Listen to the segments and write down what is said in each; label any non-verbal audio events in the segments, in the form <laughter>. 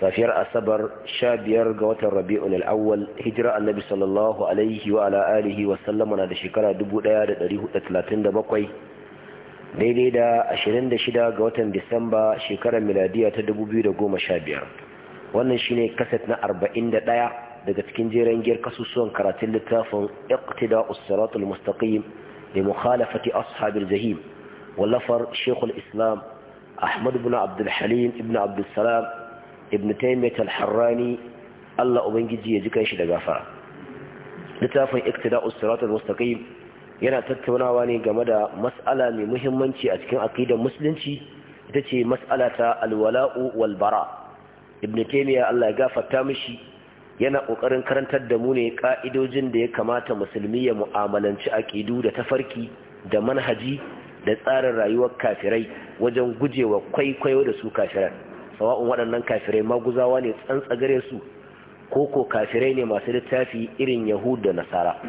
safiyar asabar sha biyar ga watan rabi'un al'awwal hijira annabi sallallahu alaihi wa ala alihi wa sallama na da shekara 1437 daidai da 26 ga watan disamba shekarar miladiya ta 2015 wannan shine kaset na 41 daga cikin jeren giyar kasusuwan karatun littafin iqtida usratul mustaqim li mukhalafati ashabil jahim wallafar shekul islam ahmad ibn abdul halim ibn abdul salam ibn taymiyyah al-harrani Allah ubangiji ya ji kanshi da gafara littafin iktida'us siratal mustaqim yana tattaunawa ne game da mas'ala mai muhimmanci a cikin aqidar musulunci ita ce mas'ala ta alwala'u wal bara ibn taymiyyah Allah ya gafarta mishi yana kokarin karantar da mu ne ka'idojin da ya kamata musulmi ya mu'amalanci aqidu da tafarki da manhaji da tsarin rayuwar kafirai wajen gujewa kwaikwayo da su kafirai sawa'un waɗannan kafirai maguzawa ne gare su ko ko kafirai ne masu littafi irin yahud da nasara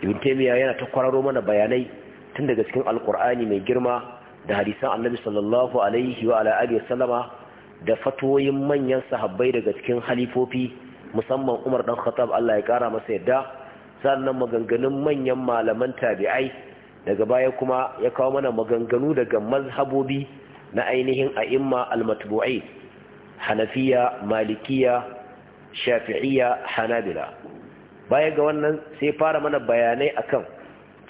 ibn taymiya yana ta kwararo mana bayanai tun daga cikin alkur'ani mai girma da hadisan annabi sallallahu alaihi wa alihi da fatoyin manyan sahabbai daga cikin halifofi musamman Umar dan Khattab Allah ya kara masa yadda sannan maganganun manyan malaman tabi'ai daga baya kuma ya kawo mana maganganu daga mazhabobi na ainihin a'imma al-matbu'i hanafiya malikiya shafi'iya hanabila baya ga wannan sai fara mana bayanai akan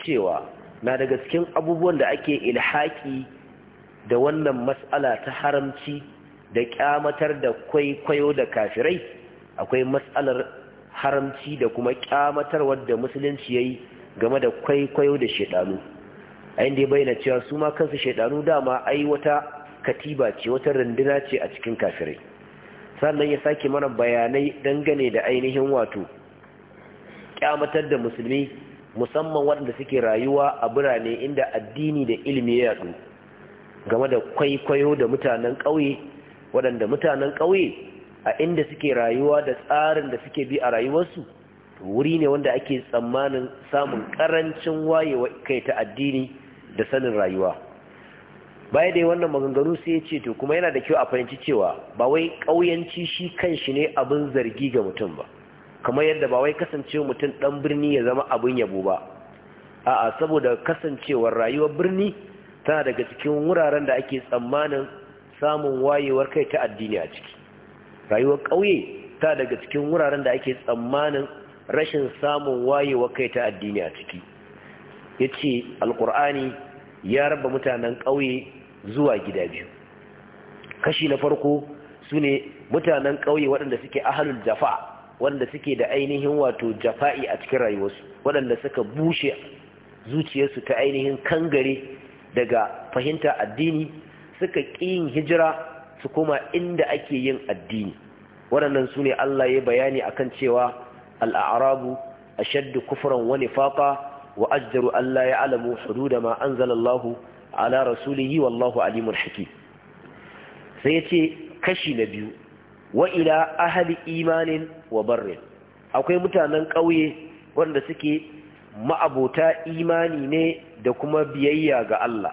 cewa na daga cikin abubuwan da ake ilhaki da wannan matsala ta haramci da kyamatar da kwaikwayo da kafirai akwai matsalar haramci da kuma kyamatar wadda musulunci yayi game da kwaikwayo da shaidanu. a inda ya bayyana cewa su ma kansu shaidanu dama ai wata katiba ce wata runduna ce a cikin kafirai sannan ya sake mana bayanai dangane da ainihin wato kyamatar da musulmi musamman waɗanda suke rayuwa a birane inda addini da ilimi ya yadu game da kwaikwayo da mutanen ƙauye waɗanda mutanen ƙauye a inda suke rayuwa da tsarin da suke bi a rayuwarsu wuri ne wanda ake tsammanin samun ƙarancin wayewa kai ta addini da sanin rayuwa baya dai wannan maganganu sai ya ce to kuma yana da kyau a fahimci cewa ba wai ƙauyanci shi kanshi ne abin zargi ga mutum ba kamar yadda ba wai kasance mutum ɗan birni ya zama abin yabo ba a'a saboda kasancewar rayuwar birni tana daga cikin wuraren da ake tsammanin samun wayewar kai ta addini a ciki rayuwar ƙauye ta daga cikin wuraren da ake tsammanin rashin samun wayewar kai ta addini a ciki ya ce alƙur'ani ya raba mutanen ƙauye zuwa gida biyu kashi na farko su ne mutanen ƙauye waɗanda suke ahalul jafa waɗanda suke da ainihin wato jafa'i a cikin rayuwarsu waɗanda suka bushe zuciyarsu ta ainihin kangare daga fahimta addini suka ƙi yin hijira su koma inda ake yin addini waɗannan su ne Allah ya bayani a kan cewa al'arabu ashaddu kufran wani faƙa wa ajdaru Allah ya alamu hududa ma anzalallahu ala rasulihi wallahu alimul hakim sai yace kashi na biyu wa ila ahli imanin wa barrin akwai mutanen ƙauye wanda suke ma'abota imani ne da kuma biyayya ga Allah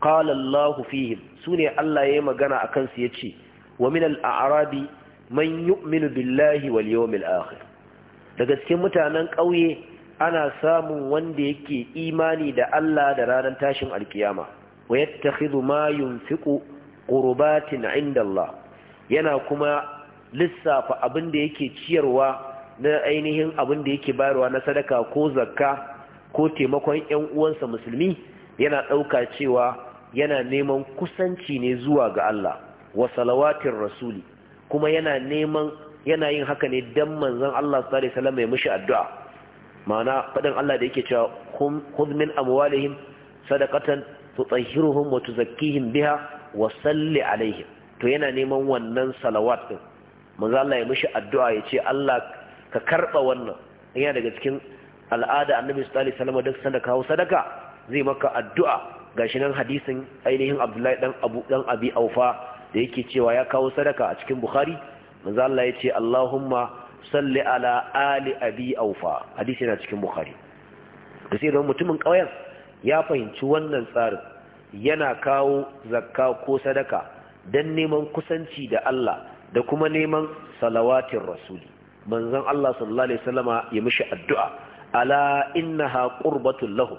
qala Allah fihim sune Allah yayi magana akan su yace wa min al-a'rabi man yu'minu billahi wal yawmil akhir daga cikin mutanen ƙauye ana samun wanda yake imani da Allah da ranar tashin alkiyama wa yattakhidhu ma yunfiqu qurbatin inda Allah yana kuma lissafa abin da yake ciyarwa na ainihin abin da yake bayarwa na sadaka ko zakka ko taimakon ƴan uwansa musulmi yana ɗauka cewa yana neman kusanci ne zuwa ga Allah wa salawatin rasuli kuma yana neman yana yin haka ne dan manzon Allah sallallahu alaihi wasallam ya addu'a ma'ana fadin Allah da yake cewa khudh min amwalihim sadaqatan tutahhiruhum wa tuzakkihim biha wa salli alaihim to yana neman wannan salawat din manzo Allah ya mishi addu'a ya ce Allah ka karba wannan yana daga cikin al'ada annabi sallallahu alaihi wasallam duk sanda kawo sadaka zai maka addu'a gashi nan hadisin ainihin Abdullahi dan Abu dan Abi Aufa da yake cewa ya kawo sadaka a cikin Bukhari manzo Allah ya ce Allahumma salli ala ali abi Aufa hadisi yana cikin Bukhari da sai don mutumin ƙauyen ya fahimci wannan tsarin yana kawo zakka ko sadaka don neman kusanci da Allah da kuma neman salawatin rasuli manzon Allah sallallahu alaihi wasallama ya mishi addu'a ala innaha qurbatul lahu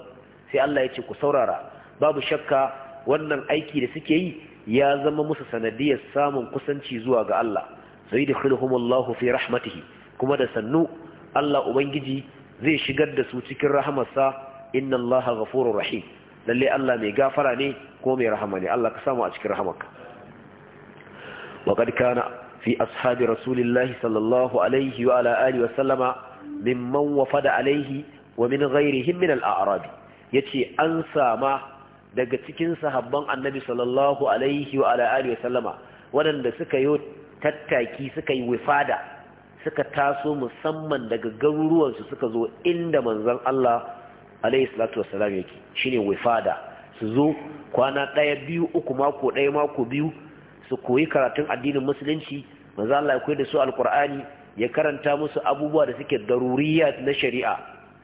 sai Allah ya ce ku saurara babu shakka wannan aiki da suke yi ya zama musu sanadiyar samun kusanci zuwa ga Allah sai da khulhumullahu fi rahmatihi kuma da sannu Allah ubangiji zai shigar da su cikin rahamarsa inna allaha ghafurur rahim lalle Allah mai gafara ne ko mai rahama ne Allah ka samu a cikin rahamarka wa kad kana fi ashabi rasulillahi sallallahu alaihi wa ala alihi wa sallama mimman wafada alaihi wa min ghairihim min al-a'rab yace an sama daga cikin sahabban annabi sallallahu alaihi wa ala alihi suka yi tattaki suka yi wifada suka taso musamman daga garuruwansu suka zo inda manzon Allah alaihi salatu wassalam yake shine wifada su zo kwana ɗaya biyu uku mako ɗaya mako biyu su koyi karatun addinin musulunci manzo Allah ya da su alqur'ani ya karanta musu abubuwa da suke daruriya na shari'a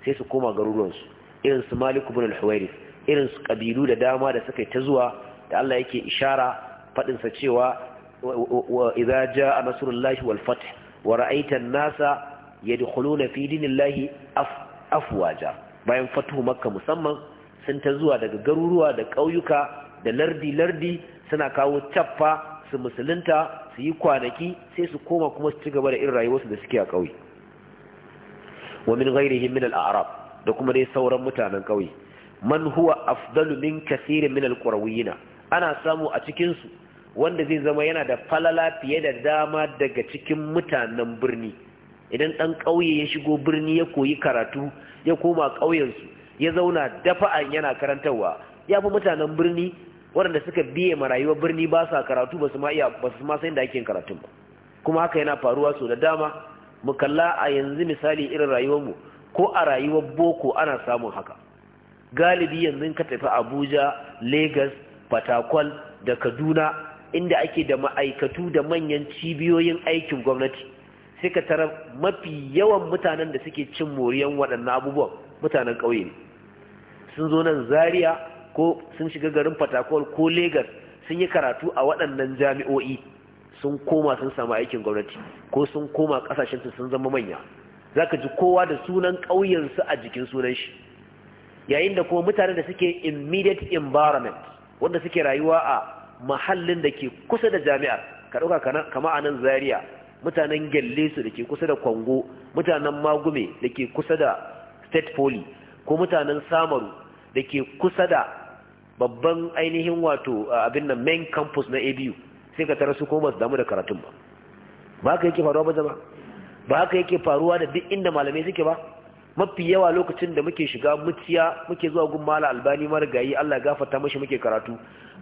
sai su koma garuruwansu irin su Malik ibn al-Huwairith irin su kabilu da dama da suka ta zuwa da Allah yake ishara fadin sa cewa wa idza jaa nasrullahi wal fath wa ra'aita an-nasa yadkhuluna fi dinillahi afwaja bayan fatuhu makka musamman sun ta zuwa daga garuruwa da ƙauyuka da lardi-lardi suna kawo caffa su musulunta su yi kwanaki sai su koma kuma su ci gaba da irin rayuwarsu da suke a ƙauye wa min ghairihi min al-a'rab da kuma dai sauran mutanen ƙauye man huwa afdalu min kathirin min al-qurawiyina ana samu a cikin su wanda zai zama yana da falala fiye da dama daga cikin mutanen birni idan ɗan ƙauye ya shigo birni ya koyi karatu ya koma ƙauyensu ya zauna dafa'an yana karantarwa ya fi mutanen birni waɗanda suka biye ma rayuwar birni ba sa karatu ba su ma iya ba su ma san da ake karatun ba kuma haka yana faruwa sau da dama mu kalla a yanzu misali irin rayuwar mu ko a rayuwar boko ana samun haka galibi yanzu ka tafi abuja lagos fatakwal da kaduna inda ake da ma'aikatu da manyan cibiyoyin aikin gwamnati sai tara mafi yawan mutanen da suke cin moriyan waɗannan abubuwan mutanen ƙauye ne sun zo nan Zariya ko sun shiga garin fatakol ko Legas sun yi karatu a waɗannan jami'o'i sun koma sun samu aikin gwamnati ko sun koma ƙasashen sun zama manya za ka ji kowa da sunan ƙauyensu a jikin sunan shi yayin da kuma mutanen da suke immediate environment wanda suke rayuwa a mahallin da ke kusa da jami'ar ka ɗauka kama a nan Zariya. mutanen gyallesu da ke kusa da kwango mutanen magume da ke kusa da state poly ko mutanen samaru da ke kusa da babban ainihin wato abin nan main campus na abu sai ka tara su ko masu damu da karatun ba ba haka yake faruwa ba zama ba haka yake faruwa da duk inda malamai suke ba mafi yawa lokacin da muke shiga muciya muke zuwa gun mala albani marigayi allah ta mashi muke karatu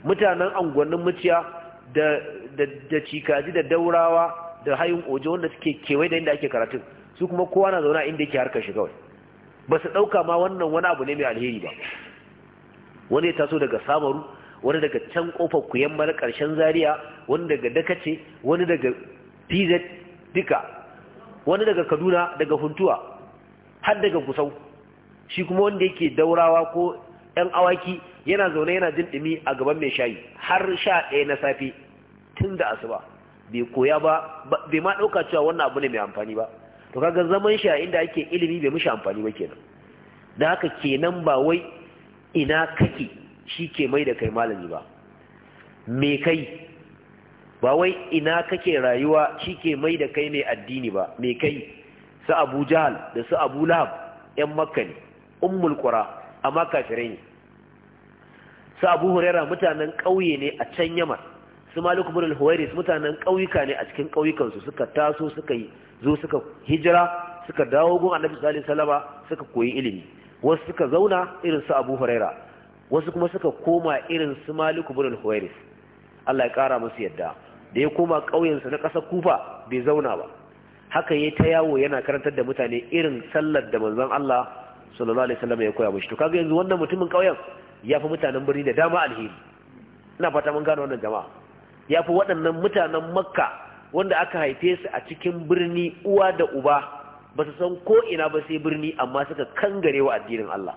mutanen angonin muciya da da cikaji da daurawa da hayin ojo wanda suke kewaye da inda ake karatun su kuma kowa na zauna inda yake harkar shi kawai ba su ɗauka ma wannan wani abu ne mai alheri ba wani ya taso daga samaru wani daga can kofar kuyan mara ƙarshen zaria wani daga dakace wani daga pz duka wani daga kaduna daga huntuwa har daga kusau shi kuma wanda yake daurawa ko yan awaki yana zaune yana jin ɗumi a gaban mai shayi har sha ɗaya na safe tun da asuba bai koya ba bai ma ɗauka cewa wannan abu ne mai amfani ba to kaga zaman shi a inda ake ilimi bai mishi amfani ba kenan da haka kenan ba wai ina kake shi ke mai da kai malami ba me kai ba wai ina kake rayuwa shi ke mai da kai mai addini ba me kai su abu jahal da su abu lahab yan makka ne ummul qura amma kafirai ne su abu huraira mutanen ƙauye ne a can yamar su malik huwairis mutanen ƙauyuka ne a cikin ƙauyukansu su suka taso suka yi zo suka hijira suka dawo gun annabi sallallahu alaihi suka koyi ilimi wasu suka zauna irin su abu huraira wasu kuma suka koma irin su malik al-huwairis Allah ya kara musu yadda da ya koma ƙauyensa na ƙasa kufa bai zauna ba haka yayi ta yawo yana karantar da mutane irin sallar da manzon Allah sallallahu alaihi wasallam ya koya mishi to kaga yanzu wannan mutumin ƙauyen ya fi mutanen birni da dama alheri ina fata mun gane wannan jama'a ya fi waɗannan mutanen makka wanda aka haife su a cikin birni uwa da uba ba su san ko ina ba sai birni amma suka kangare wa addinin Allah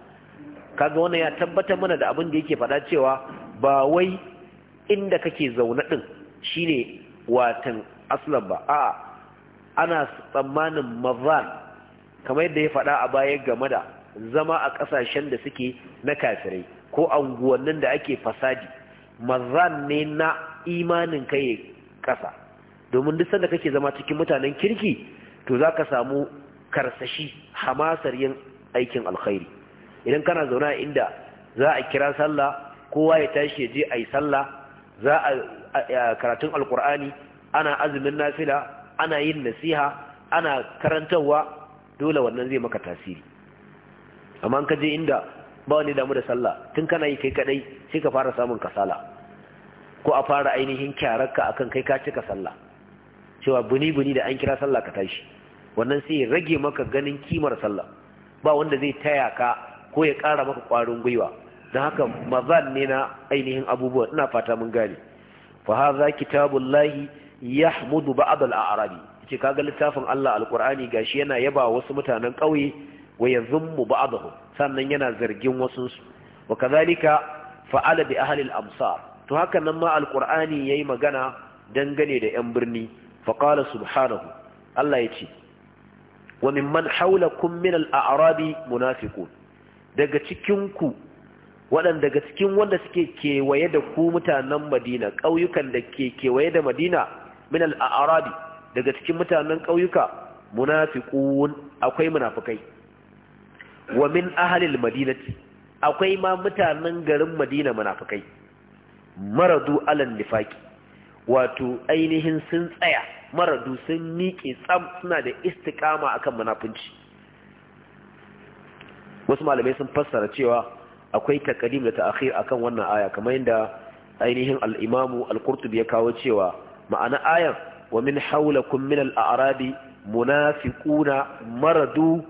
kaga wannan ya tabbatar mana da abin da yake faɗa cewa ba wai inda kake zaune ɗin shine watan aslan ba a'a ana tsammanin mazan kamar yadda ya faɗa a baya game da zama a ƙasashen da suke na kafirai ko anguwannin da ake fasadi mazan ne na imanin ka ya kasa domin duk sanda kake zama cikin mutanen kirki to za ka samu karsashi hamasar yin aikin alkhairi idan kana zauna inda za a kira sallah kowa ya tashi ya je a yi sallah za a karatun alkur'ani ana azumin nafila ana yin nasiha ana karantarwa dole wannan zai maka tasiri amma ka je inda ba wani damu da sallah tun kana yi kai kadai sai ka fara samun kasala ko a fara ainihin kyararka akan kai ka cika sallah cewa buni-buni da an kira sallah ka tashi wannan sai ya rage maka ganin kimar sallah ba wanda zai taya ka ko ya kara maka kwarin gwiwa don haka mazan ne na ainihin abubuwa ina fata mun gane fa hadha kitabullahi yahmudu ba'd al-a'rabi ce kaga littafin Allah al-Qur'ani gashi yana yaba wasu mutanen ƙauye wa yazummu ba'dahu sannan yana zargin wasu wa kazalika fa'ala bi ahli al-amsar to haka nan ma ya yayi magana dangane da yan birni fa subhanahu Allah ce. wa mimman haula min al-a'rabi munafiqun daga cikin ku waɗanda daga cikin wanda suke kewaye da ku mutanen Madina ƙauyukan da ke kewaye da Madina min al-a'rabi daga cikin mutanen ƙauyuka munafiqun akwai munafikai wa min ahli madinati akwai ma mutanen garin Madina munafikai maradu alal nifaki wato ainihin sun tsaya maradu sun miƙe tsam suna da istiƙama akan munafunci wasu malamai sun fassara cewa akwai takadim da ta'akhir akan wannan aya kamar yadda ainihin al-imamu al-qurtubi ya kawo cewa ma'ana ayan wa min hawlakum min al-a'rabi munafiquna maradu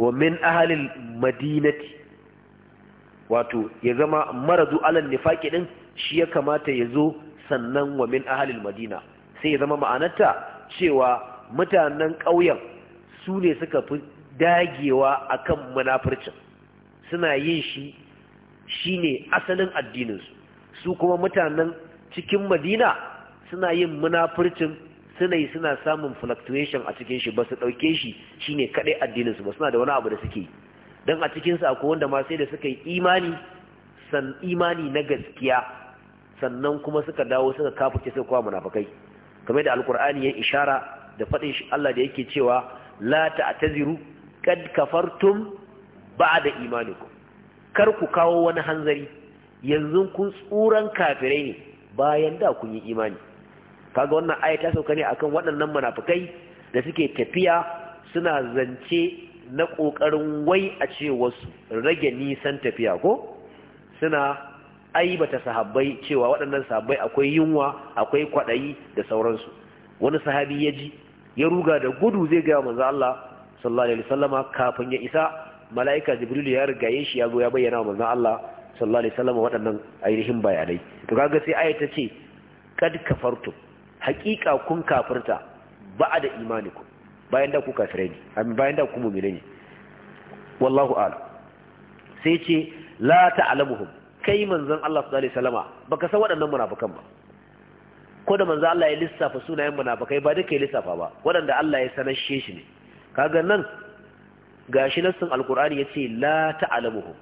wa min ahli al-madinati wato ya zama maradu alal nifaqi din shi ya kamata ya zo sannan wa min ahalil madina sai ya zama ma'anarta cewa mutanen ƙauyen su ne suka fi dagewa akan munafurcin suna yin shi shine asalin addininsu su kuma mutanen cikin madina suna yin munafurcin suna yi suna samun fluctuation a cikin shi ba su ɗauke shi shine kaɗai addininsu ba suna da wani abu da suke yi don a cikinsu akwai wanda ma sai da suka yi imani san imani na gaskiya sannan kuma suka dawo suka kafuce suka kwa munafakai kamar da alkur'ani ya ishara da faɗin Allah da yake cewa la ta'taziru kad kafartum ba'da imanikum kar ku kawo wani hanzari yanzu kun tsuran kafirai ne bayan da kun yi imani kaga wannan aya ta sauka ne akan waɗannan munafikai da suke tafiya suna zance na ƙoƙarin wai a ce wasu rage nisan tafiya ko suna aibata sahabbai cewa waɗannan sahabbai akwai yunwa akwai kwaɗayi da sauransu wani sahabi ya ji ya ruga da gudu zai gaya manzo Allah sallallahu alaihi wasallama kafin ya isa mala'ika jibril ya rigaye shi ya zo ya bayyana manzo Allah sallallahu alaihi wasallama waɗannan ainihin bayanai to kaga sai aya ta ce kad kafartum haƙiƙa kun kafirta ba'a da imanikum bayan da ku kafirai ne amma bayan da ku mu'mine ne wallahu ala sai ce la ta'lamuhum kai manzon Allah sallallahu alaihi wasallama baka san waɗannan munafikan ba ko da manzon Allah ya lissafa sunayen munafikai ba duka ya lissafa ba waɗanda Allah ya sanar shi ne kaga nan gashi sun alqur'ani yace la ta'lamuhum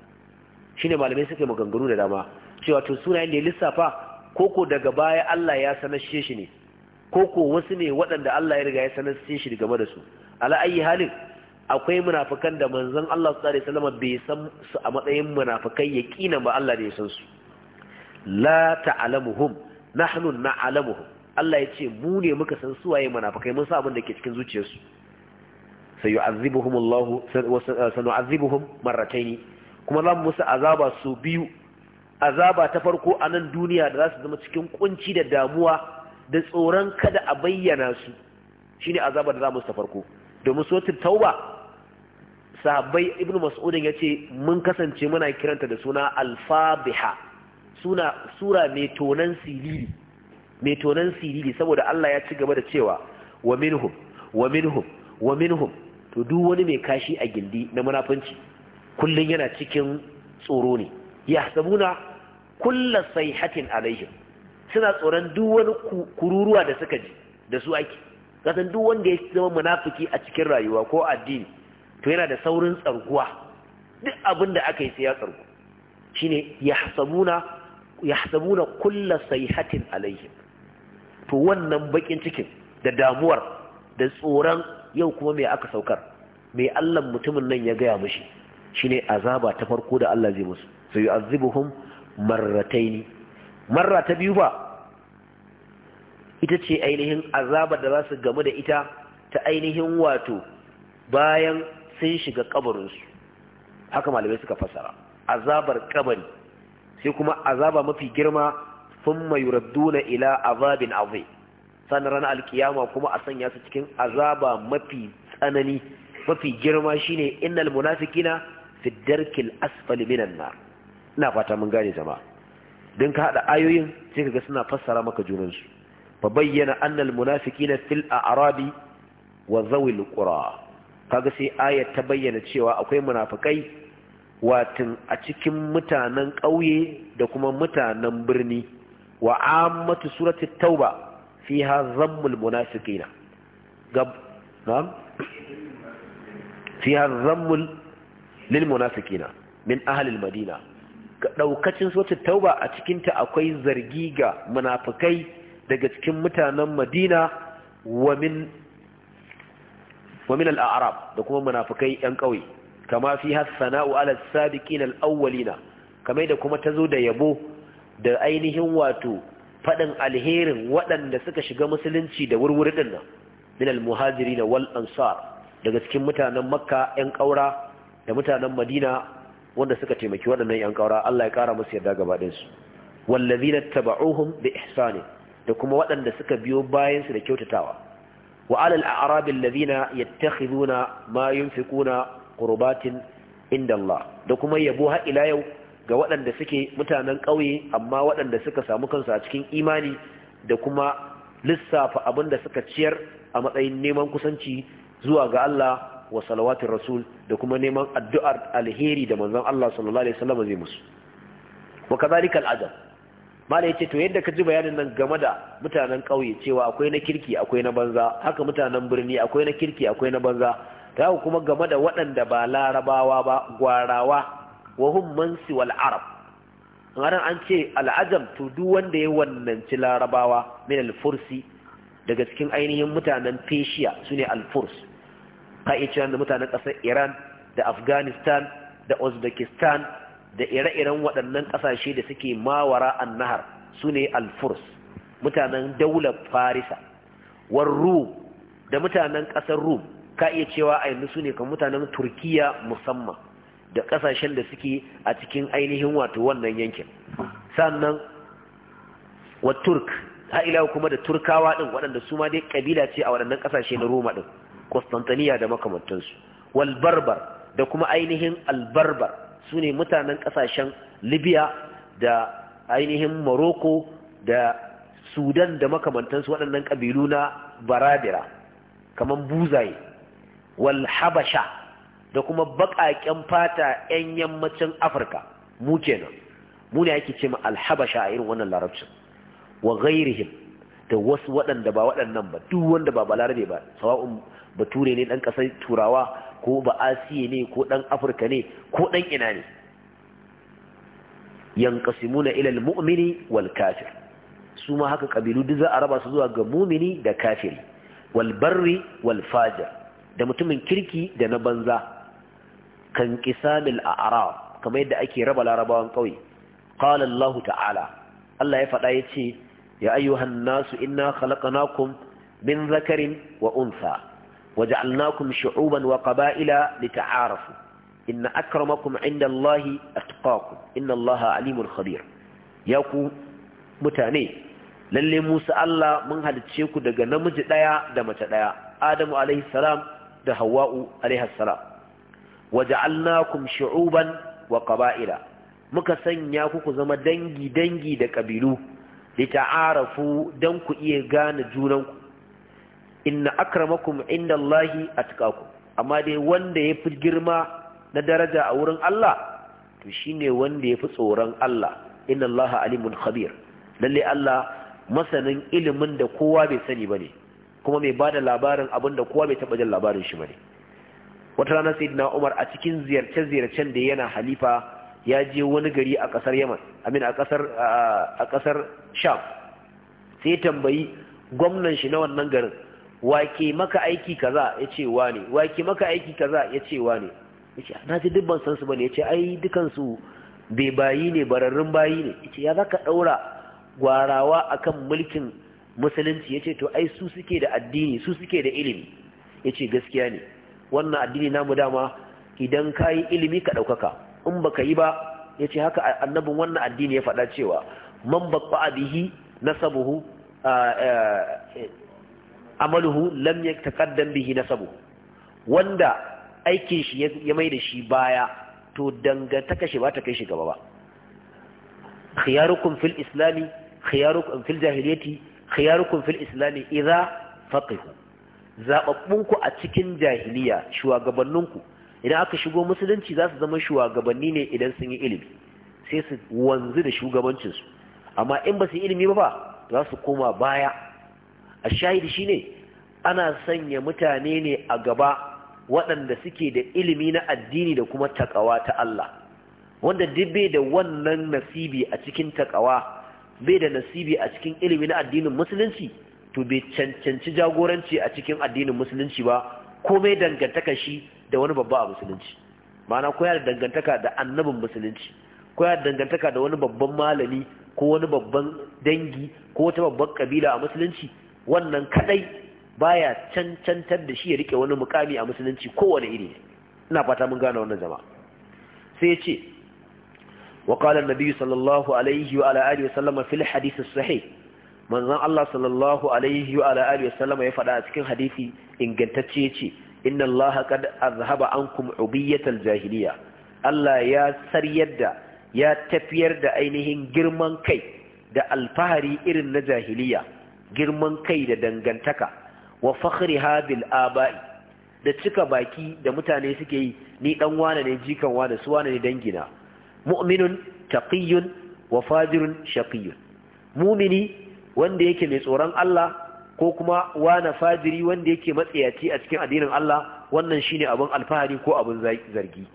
shine malamai suke maganganu da dama cewa to sunayen da ya lissafa koko daga baya Allah ya sanar shi ne ko ko wasu ne waɗanda Allah ya riga ya sanar sun shi game da su ala ayi halin akwai munafikan da manzon Allah sallallahu alaihi wasallam bai san su a matsayin munafikai yaqinan ba Allah da ya san su la ta'lamuhum nahnu na'lamuhum Allah ya ce mu ne muka san su waye munafikai mun san abin da ke cikin zuciyarsu sayu'azzibuhum Allah sanu'azibuhum marrataini kuma zan musu azaba su biyu azaba ta farko a nan duniya da za su zama cikin kunci da damuwa da tsoron kada a bayyana su shine azabar da za mu farko domin sotin tauba sahabbai ibn mas'udin ya ce mun kasance muna kiranta da suna alfabiha suna sura mai tonan siriri mai tonan siriri saboda Allah ya ci gaba da cewa wa minhum wa minhum wa minhum to duk wani mai kashi a gindi na munafunci kullun yana cikin tsoro ne yahsabuna kullu sayhatin alaihim suna tsoron duk wani kururuwa da suka ji da su ake kasan duk wanda ya zama munafuki a cikin rayuwa ko addini to yana da saurin tsarguwa duk abin da aka yi sai ya tsargu shine yahsabuna yahsabuna kulla sayhatin alaihim to wannan bakin cikin da damuwar da tsoron yau kuma me aka saukar me Allah mutumin nan ya gaya mishi shine azaba ta farko da Allah zai musu sai marrataini marra ta biyu ba ita ce ainihin azabar da za su gamu da ita ta ainihin wato bayan sun shiga kabarinsu haka malamai suka fasara azabar kabari sai kuma azaba mafi girma sun mayuradduna ila azabin azai sannan rana alkiyama kuma a sanya su cikin azaba mafi tsanani mafi girma shine innal munafikina fi darkil asfali minan na ina fata mun gane zama. don ka haɗa ayoyin sai ka ga suna fassara maka junansu fa bayyana annal munafiqina fil a'rabi wa zawil qura kaga sai aya ta bayyana cewa akwai munafikai watin a cikin mutanen ƙauye da kuma mutanen birni wa ammatu surati tauba fiha zammul munafiqina gab na'am fiha zammul lil munafiqina min ahli al madina ɗaukacin suratul tauba a cikinta akwai zargi ga munafikai daga cikin mutanen Madina wa min wa arab da kuma munafikai yan ƙauye, kama fi hasana'u ala as-sadiqin al kamar da kuma ta zo da yabo da ainihin wato faɗin alherin waɗanda suka shiga musulunci da wurwuri ɗin nan min al-muhajiri da wal ansa daga cikin mutanen makka 'yan ƙaura da mutanen madina wanda suka taimaki waɗannan yan ƙaura Allah ya ƙara musu yarda gaba ɗinsu wallazina taba'uhum bi ihsani da kuma waɗanda suka biyo bayan su da kyautatawa wa alal a'rabi allazina yattakhiduna ma yunfiquna qurbatin inda Allah da kuma yabo har ila yau ga waɗanda suke mutanen ƙauye amma waɗanda suka samu kansu a cikin imani da kuma lissafa abin da suka ciyar a matsayin neman kusanci zuwa ga Allah wa salawatin rasul da kuma neman addu'ar alheri da manzon Allah sallallahu alaihi wasallam zai musu wa kadhalika al'adab mala yace to yadda ka ji bayanin nan game da mutanen kauye cewa akwai na kirki akwai na banza haka mutanen birni akwai na kirki akwai na banza ta kuma game da waɗanda ba larabawa ba gwarawa wa hum mansi wal arab an ce al'ajam to duk wanda ya wannanci larabawa min al-fursi daga cikin ainihin mutanen peshiya sune al fursi ka da mutanen ƙasar iran da afghanistan da uzbekistan da ire-iren waɗannan ƙasashe da suke mawara an nahar su ne alfurs mutanen daular farisa war rum da mutanen ƙasar rum ka iya cewa a yanzu su ne kan mutanen turkiya musamman da ƙasashen da suke a cikin ainihin wato wannan yankin sannan wa turk ila kuma da turkawa ɗin waɗanda su ma dai ƙabila ce a waɗannan ƙasashe na roma ɗin Constantiniya da makamantansu Walbarbar da kuma ainihin albarbar su ne mutanen ƙasashen libya da ainihin morocco da sudan da makamantansu waɗannan ƙabilu na barabira kamar buzaye Walhabasha da kuma baƙaƙen fata 'yan yammacin afirka mu kenan mu ne ake ce ma alhabasha a irin wannan larabcin wa gairihim da wasu waɗanda ba waɗannan ba duk wanda ba balarabe ba sawa'un bature ne dan kasar turawa ko ba asiye ne ko dan afirka ne ko dan ina ne yanqasimuna ila almu'mini wal kafir su ma haka kabilu duk za a raba su zuwa ga mumini da kafiri wal barri wal fajir da mutumin kirki da na banza kan qisamil a'rab kamar yadda ake raba larabawan kauye qala Allah ta'ala Allah ya faɗa yace ya ayyuhan nasu inna khalaqnakum min zakarin wa Unsa. waja'alnakum shu'uban wa qaba'ila lita'arafu inna akramakum 'inda Allahi atqakum inna Allaha alimun khabir ya ku mutane lalle Musa Allah mun halicce ku daga namiji daya da mace daya Adamu alaihi salam da Hawwa'u alaihi salam waja'alnakum shu'uban wa qaba'ila muka sanya ku ku zama dangi dangi da kabilu lita'arafu dan ku iya gane junanku inna akramakum a tukaku amma dai wanda ya fi girma na daraja a wurin Allah to shine wanda ya fi tsoron Allah inna Allah alimun khabir lalle Allah masanin ilimin da kowa bai sani ba ne. kuma mai da labarin abin da kowa bai taba jin labarin shi ba ne? wata rana na Umar a cikin ziyarce-ziyarcen da yana halifa ya je wani gari a kasar Yaman amin a ƙasar a kasar Sham sai tambayi gwamnan shi na wannan garin wake maka aiki kaza ya ce wane wake maka aiki kaza ya ce wane ya na ji dubban sansu ba ne ya ce ai dukansu bai bayi ne bararrun bayi ne ya ya za ka ɗaura gwarawa akan mulkin musulunci ya ce to ai su suke da addini su suke da ilimi ya gaskiya ne wannan addini namu dama idan ka yi ilimi ka ɗaukaka in ba ka yi ba ya haka annabin wannan addini ya faɗa cewa man baɓa abihi nasabuhu amaluhu lam yataqaddam bihi nasabu wanda aikin shi ya mai da shi baya to dangantaka shi ba ta kai shi gaba ba khiyarukum fil islami khiyarukum fil jahiliyyati, khiyarukum fil islami idza faqihu zababbunku a cikin jahiliya shugabanninku idan aka shigo musulunci za su zama shugabanni ne idan sun yi ilimi sai su wanzu da shugabancinsu amma in ba su yi ilimi ba ba za su koma baya a shahidi shine ana sanya mutane ne a gaba waɗanda suke da ilimi na addini da kuma takawa ta Allah wanda duk bai da wannan nasibi a cikin takawa bai da nasibi a cikin ilimi na addinin musulunci to bai cancanci jagoranci a cikin addinin musulunci ba komai dangantaka shi da wani babba a musulunci ma'ana koya da dangantaka da annabin musulunci koya da dangantaka da wani babban malami ko wani babban dangi ko wata babban kabila a musulunci wannan kadai baya cancantar da shi ya rike wani mukami a musulunci kowane iri ina fata mun gane wannan jama'a sai ya ce wa qala an sallallahu alaihi wa ala alihi sallama fil hadith as-sahih manzon Allah sallallahu alaihi wa ala alihi sallama ya faɗa a cikin hadisi ingantacce ya ce inna Allah qad azhaba ankum ubiyatal jahiliya Allah ya saryar da ya tafiyar da ainihin girman kai da alfahari irin na jahiliya girman kai da dangantaka wa fakhri Habil aba'i da cika baki da mutane suke yi ni dan wane ne jikan wane su wane ne dangina mu'minun taqiyyun wa fajirun shaqiyyun mumini wanda yake mai tsoron Allah ko kuma wane fajiri wanda yake matsayaci a cikin addinin Allah wannan shine abin alfahari ko abin zargi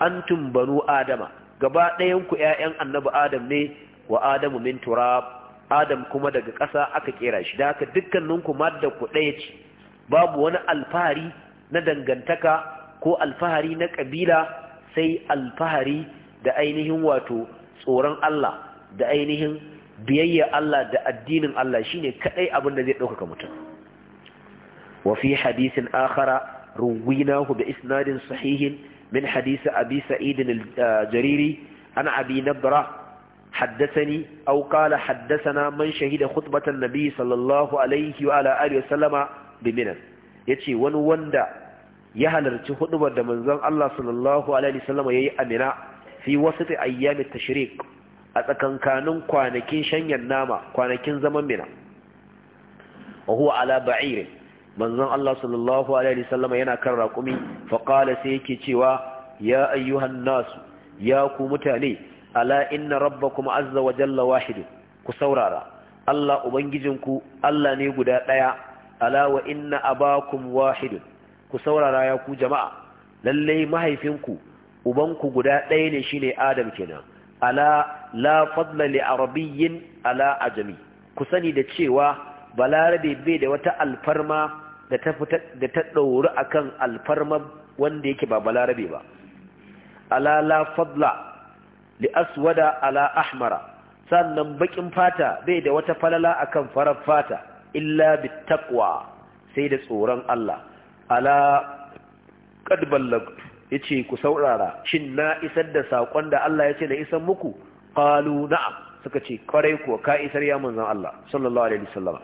antum banu adama gaba ɗayan ku ƴaƴan annabi adam ne wa adamu min turab adam kuma daga ƙasa aka kera shi da haka dukkaninku madda ku ɗaya ce babu wani alfahari na dangantaka ko alfahari na ƙabila sai alfahari da ainihin wato tsoron Allah da ainihin biyayya Allah da addinin Allah shine kadai abin da zai ɗaukaka mutum wa fi hadisin akhara ruwinahu bi isnadin sahihin min hadisi abi sa'id jariri an abi nabra حدثني أو قال حدثنا من شهد خطبة النبي صلى الله عليه وعلى آله وسلم بمنى يتي ون وندا يهلرت خطبة دمنزان الله صلى الله عليه وسلم يي أمنا في وسط أيام التشريق أتكن كانون كوانكين شنيا ناما كوانكين زمن منا وهو على بعير منزان الله صلى الله عليه وسلم ينا كرقمي فقال سيكي تيوا يا أيها الناس يا كو متاني ala inna rabbakum azza wa jalla wahid ku saurara Allah ubangijinku Allah ne guda daya ala wa inna abakum wahid ku saurara ya ku jama'a lalle mahaifinku ubanku guda daya ne shine Adam kenan ala la fadla li arabiyyin ala ajami ku sani da cewa balarabe bai da wata alfarma da ta da ta dauri akan alfarma wanda yake ba balarabe ba ala la fadla li aswada ala ahmara sannan bakin fata bai da wata falala akan farar fata illa bittaqwa sai da tsoron Allah ala qad ballagtu yace ku saurara shin na isar da sakon da Allah yace na isar muku qalu na'am suka ce kwarai kuwa ka isar ya manzon Allah sallallahu alaihi wasallam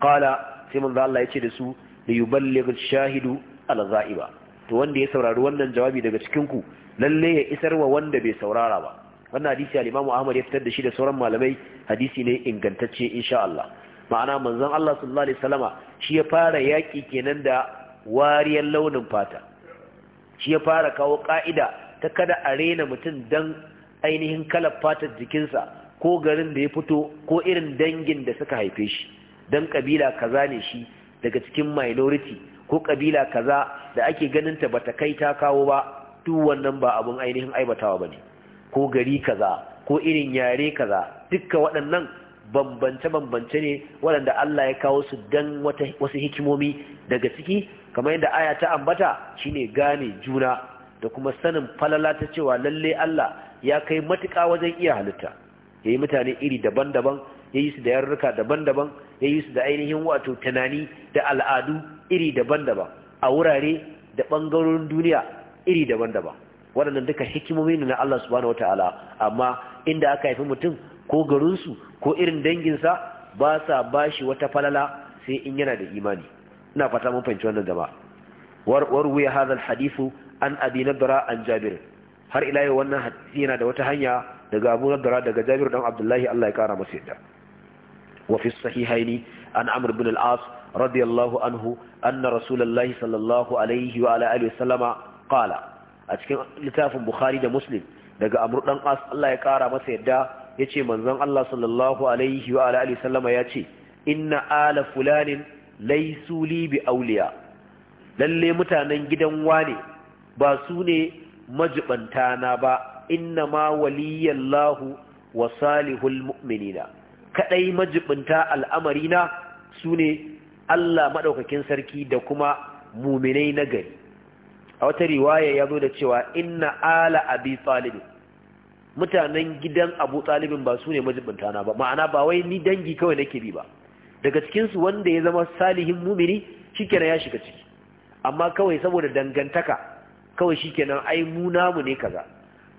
qala sai manzon Allah yace da su li yuballigh ash-shahidu al-ghaiba to wanda ya saurari wannan jawabi daga cikin ku lalle ya isar wa wanda bai saurara ba wannan hadisi al-Imam Ahmad ya fitar da shi da sauran malamai hadisi ne ingantacce insha Allah ma'ana manzon Allah sallallahu alaihi wasallama shi ya fara yaki kenan da wariyar launin fata shi ya fara kawo ka'ida ta kada a rena mutum dan ainihin kalar fatar jikinsa ko garin da ya fito ko irin dangin da suka haife shi dan kabila kaza ne shi daga cikin minority ko kabila kaza da ake ganin ta bata kai ta kawo ba duk wannan ba abin ainihin aibatawa ba ne ko gari kaza ko irin yare kaza dukkan waɗannan bambance-bambance ne waɗanda Allah ya kawo su don wasu hikimomi daga ciki kamar yadda aya ta ambata shine gane juna da kuma sanin falala ta cewa lalle Allah ya kai matuka wajen iya halitta ya yi mutane iri daban-daban ya yi su da yarurruka daban-daban ya yi su da ainihin wato tunani da al'adu iri daban-daban a wurare da ɓangarorin duniya iri daban-daban waɗannan duka hikimomi ne na Allah subhanahu wataala amma inda aka haifi mutum ko garinsu ko irin danginsa ba sa bashi wata falala sai in yana da imani ina fata mun fahimci wannan jama'a warwi hadha alhadithu an abi nadra an jabir har ila yau wannan hadisi yana da wata hanya daga abu nadra daga jabir dan abdullahi Allah ya kara masa yadda wa fi sahihaini an amr ibn al-as radiyallahu anhu anna rasulullahi sallallahu alaihi wa ala alihi wasallama qala a cikin littafin bukhari da muslim daga amru as Allah ya kara masa yadda yace manzon Allah sallallahu alaihi wa alihi sallama yace inna ala fulanin laysu li bi awliya mutanen gidan wane ba su ne majibanta na ba inna ma waliyallahu wa salihul mu'minina kadai majibinta al'amarina su ne Allah madaukakin sarki da kuma muminai na gari a wata riwaya ya zo da cewa inna ala abi talibin mutanen gidan abu talibin ba su ne majibintana ba ma'ana ba wai ni dangi kawai nake bi ba daga cikinsu wanda ya zama salihin mumini shikenan ya shiga ciki amma kawai saboda dangantaka kawai shikenan ai mu ne kaza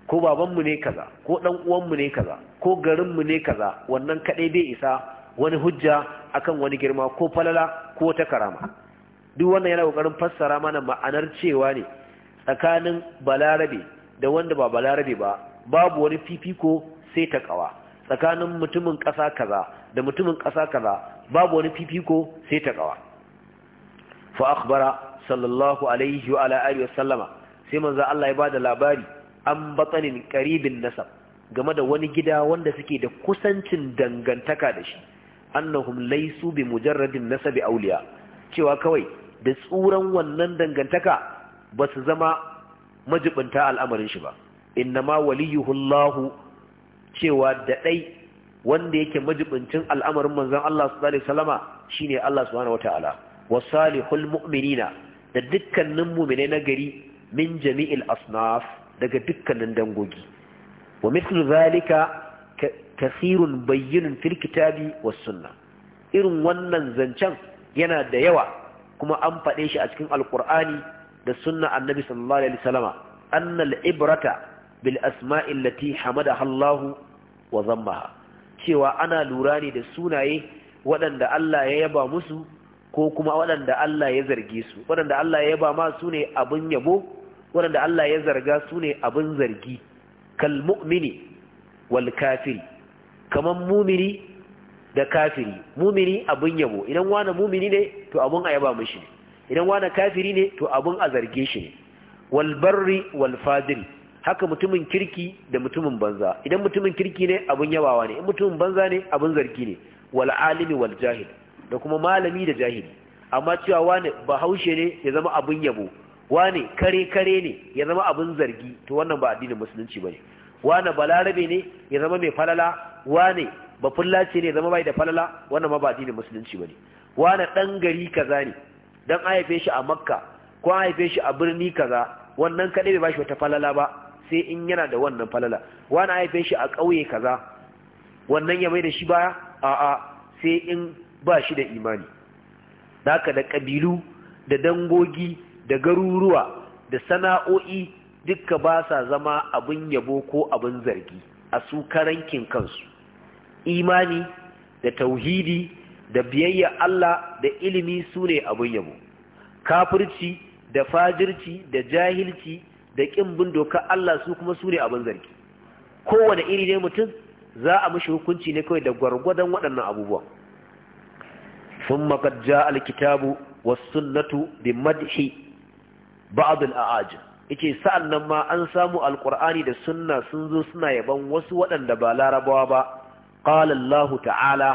ko babanmu ne kaza ko dan uwanmu ne kaza ko garinmu ne kaza wannan kadai bai isa wani hujja akan wani girma ko falala ko wata karama duk wannan yana kokarin fassara mana ma'anar cewa ne tsakanin balarabe da wanda ba balarabe ba babu wani fifiko sai ta kawa tsakanin mutumin ƙasa kaza da mutumin ƙasa kaza babu wani fifiko sai ta kawa fa akhbara sallallahu alaihi wa alihi wasallama sai manzo Allah ya bada labari an batsanin qaribin nasab game da wani gida wanda suke da kusancin dangantaka da shi annahum laysu bi mujarradin nasabi awliya cewa kawai da tsuran wannan dangantaka ba su zama majibinta al'amarin shi ba innama waliyuhu Allah cewa da ɗai wanda yake majibincin al'amarin manzon Allah sallallahu salama shi shine Allah subhanahu wataala wasalihul mu'minina da dukkanin mu'minai na gari min jami'il asnaf daga dukkanin dangogi wa mitlu zalika kasirun bayyinun fil kitabi Wasu sunna irin wannan zancen yana da yawa kuma an faɗe shi a cikin alkur'ani da sunna annabi sallallahu alaihi wasallama annal ibrata bil asma'i allati hamadaha Allah wa zammaha cewa ana lura ne da sunaye waɗanda Allah ya yaba musu ko kuma waɗanda Allah ya zarge su waɗanda Allah ya yaba ma su ne abin yabo waɗanda Allah ya zarga su ne abin zargi kal mu'mini wal kafiri kaman mumini da kafiri mumini abin yabo idan wani mumini ne to abun a yaba mishi idan wani kafiri ne to abun a zarge shi ne walbarri barri haka mutumin kirki da mutumin banza idan mutumin kirki ne abun yabawa ne in mutumin banza ne abun zargi ne wal alimi wal jahil da kuma malami da jahili amma cewa wani bahaushe ne ya zama abin yabo wani kare kare ne ya zama abin zargi to wannan ba addinin musulunci ne wani balarabe ne ya zama mai falala wani ba fullace ne zama bai da falala wannan ma ba addinin musulunci bane wani dan gari kaza ne dan haife shi a makka ko haife shi a birni kaza wannan kaɗai bai bashi wata falala ba sai in yana da wannan falala wani haife shi a ƙauye kaza wannan ya mai da shi baya a'a sai in ba shi da imani haka da ƙabilu da dangogi da garuruwa da sana'o'i dukka ba sa zama abin yabo ko abin zargi a su karankin kansu imani da tauhidi da biyayya Allah da ilimi su ne abin yabo kafirci da fajirci da jahilci da ƙin bin doka Allah su kuma su ne abin zargi kowane iri ne mutum za a mishi hukunci ne kawai da gwargwadon waɗannan abubuwan sun maƙad alkitabu wasu sunnatu bi madhi ba'd al'ajin yace sa'an nan ma an samu alqur'ani da sunna sun zo suna yaban wasu waɗanda ba larabawa ba qala Allah ta'ala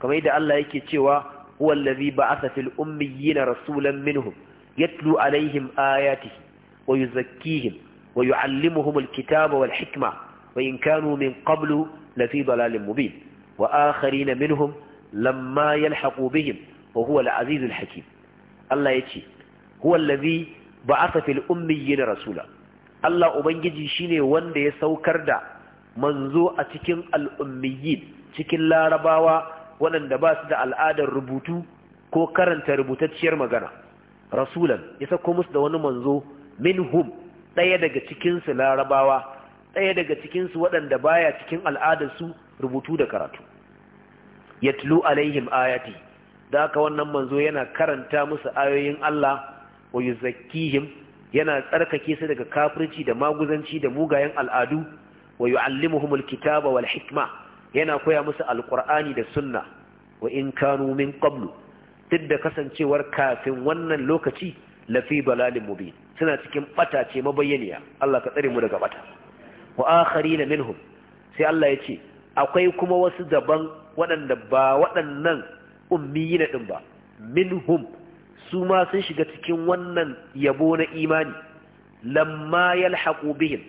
kamar da Allah yake cewa huwa allazi ba'atha fil ummiyina rasulan minhum yatlu alaihim ayatihi wa yuzakkihim wa yu'allimuhum alkitaba wal hikma wa in kanu min qablu lafi dalalin mubin wa na minhum lamma yalhaqu bihim wa huwa al-aziz al-hakim Allah yace huwa allazi ba'atha fil ummiyina rasula Allah ubangiji shine wanda ya saukar da manzo a cikin al'ummiyin cikin larabawa waɗanda ba su da al'adar rubutu ko karanta rubutacciyar magana rasulan ya sako musu da wani manzo min hum ɗaya daga cikinsu larabawa ɗaya daga cikinsu waɗanda baya cikin al'adarsu rubutu da karatu yatlu alaihim ayati da aka wannan manzo yana karanta musu ayoyin Allah wa yuzakkihim yana tsarkake su daga kafirci da maguzanci da mugayen al'adu wa yu'allimuhumul kitaba wal hikma yana koya masu alqur'ani da sunna wa in kanu min qablu duk da kasancewar kafin wannan lokaci lafi balalin mubin suna cikin ɓatace ce mabayyaniya Allah ka tsare mu daga bata wa akharina minhum sai Allah ya ce akwai kuma wasu daban waɗanda ba waɗannan ummiyina din ba minhum su ma sun shiga cikin wannan yabo na imani lamma yalhaqu bihim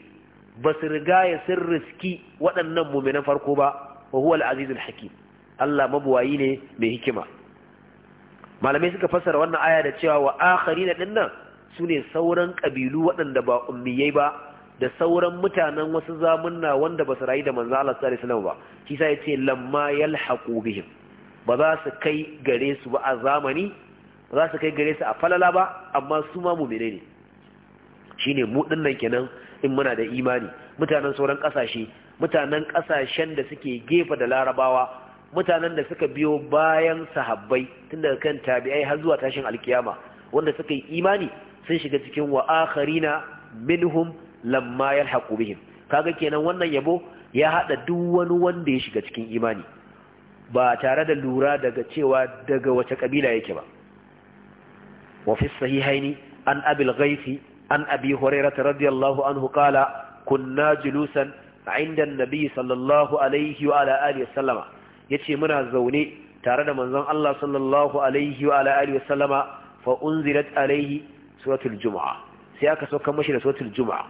ba su rigaya sun riski waɗannan muminan farko ba wa huwa al hakim Allah mabuwayi ne mai hikima malamai suka fassara wannan aya da cewa wa ɗinnan su sune sauran kabilu waɗanda ba ummiyai ba da sauran mutanen wasu zamunna wanda ba su rayu da manza Allah sallallahu alaihi ba shi sai yace lamma yalhaqu bihim ba za su kai gare su ba a zamani ba za su kai gare su a falala ba amma su ma mu'mine ne shine mu dinnan kenan in muna da imani mutanen sauran ƙasashe, mutanen ƙasashen da suke gefe da larabawa mutanen da suka biyo bayan sahabbai tun daga kan tabi'ai har zuwa tashin alkiyama wanda suka yi imani sun shiga cikin wa akharina minhum lamma yalhaqu bihim kaga kenan wannan yabo ya hada duk wani wanda ya shiga cikin imani ba tare da lura daga cewa daga wace kabila yake ba wa fi sahihaini an abil ghaifi an abi hurairata radiyallahu anhu qala kunna julusan inda annabi sallallahu alaihi wa ala alihi wasallama yace muna zaune tare da manzon Allah sallallahu alaihi wa ala alihi wasallama fa unzilat alaihi suratul jumu'a sai aka sauka mashi da suratul jumu'a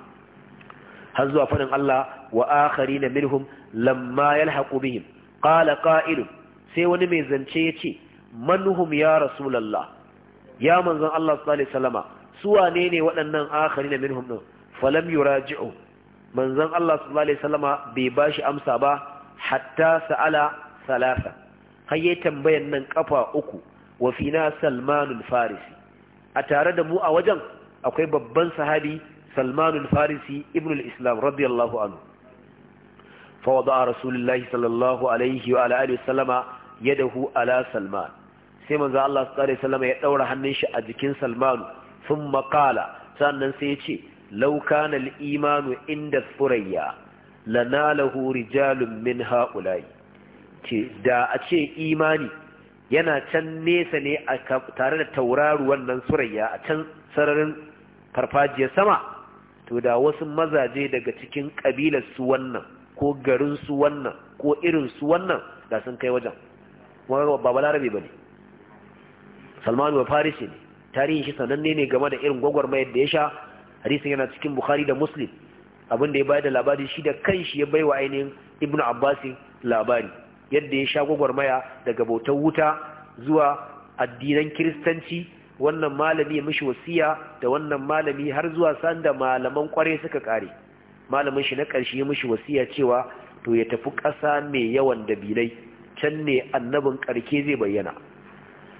har zuwa fadin Allah wa akharina minhum lamma yalhaqu bihim qala qa'ilun sai wani mai zance ce manhum ya rasulullah ya manzon Allah sallallahu alaihi su wane ne waɗannan akharina minhum din falam yuraji'u manzon Allah sallallahu alaihi wasallama bai bashi amsa ba hatta sa'ala salasa har yayi tambayan nan kafa uku wa fina salmanul farisi a tare da mu a wajen akwai babban sahabi salmanul farisi ibn al-islam radiyallahu anhu fa wada rasulullahi sallallahu alaihi wa ala alihi wasallama yadahu ala salman sai manzo Allah sallallahu alaihi wasallama ya daura hannun shi a jikin salmanu sun makala sannan sai ya ce laukana al'imanu inda furayya lanalahu rijalun min haƙulai ce da a ce imani yana can nesa ne a tare da tauraru wannan surayya a can sararin farfajiyar sama to da wasu mazaje daga cikin ƙabilar su wannan ko garin su wannan ko irin su wannan da sun kai wajen ba balarabe ba ne salmanu ba farisi ne tarihin shi sananne ne game da irin gwagwarmayar da ya sha hadisin yana cikin bukhari da muslim abin da ya bayar da labari shi da kan shi ya bai wa ainihin ibnu abbasin labari yadda ya sha gwagwarmaya daga bautar wuta zuwa addinan kiristanci wannan malami ya mishi wasiya da wannan malami har zuwa sanda malaman kware suka kare malamin shi na karshe ya mishi wasiya cewa to ya tafi ƙasa mai yawan dabilai can ne annabin ƙarke zai bayyana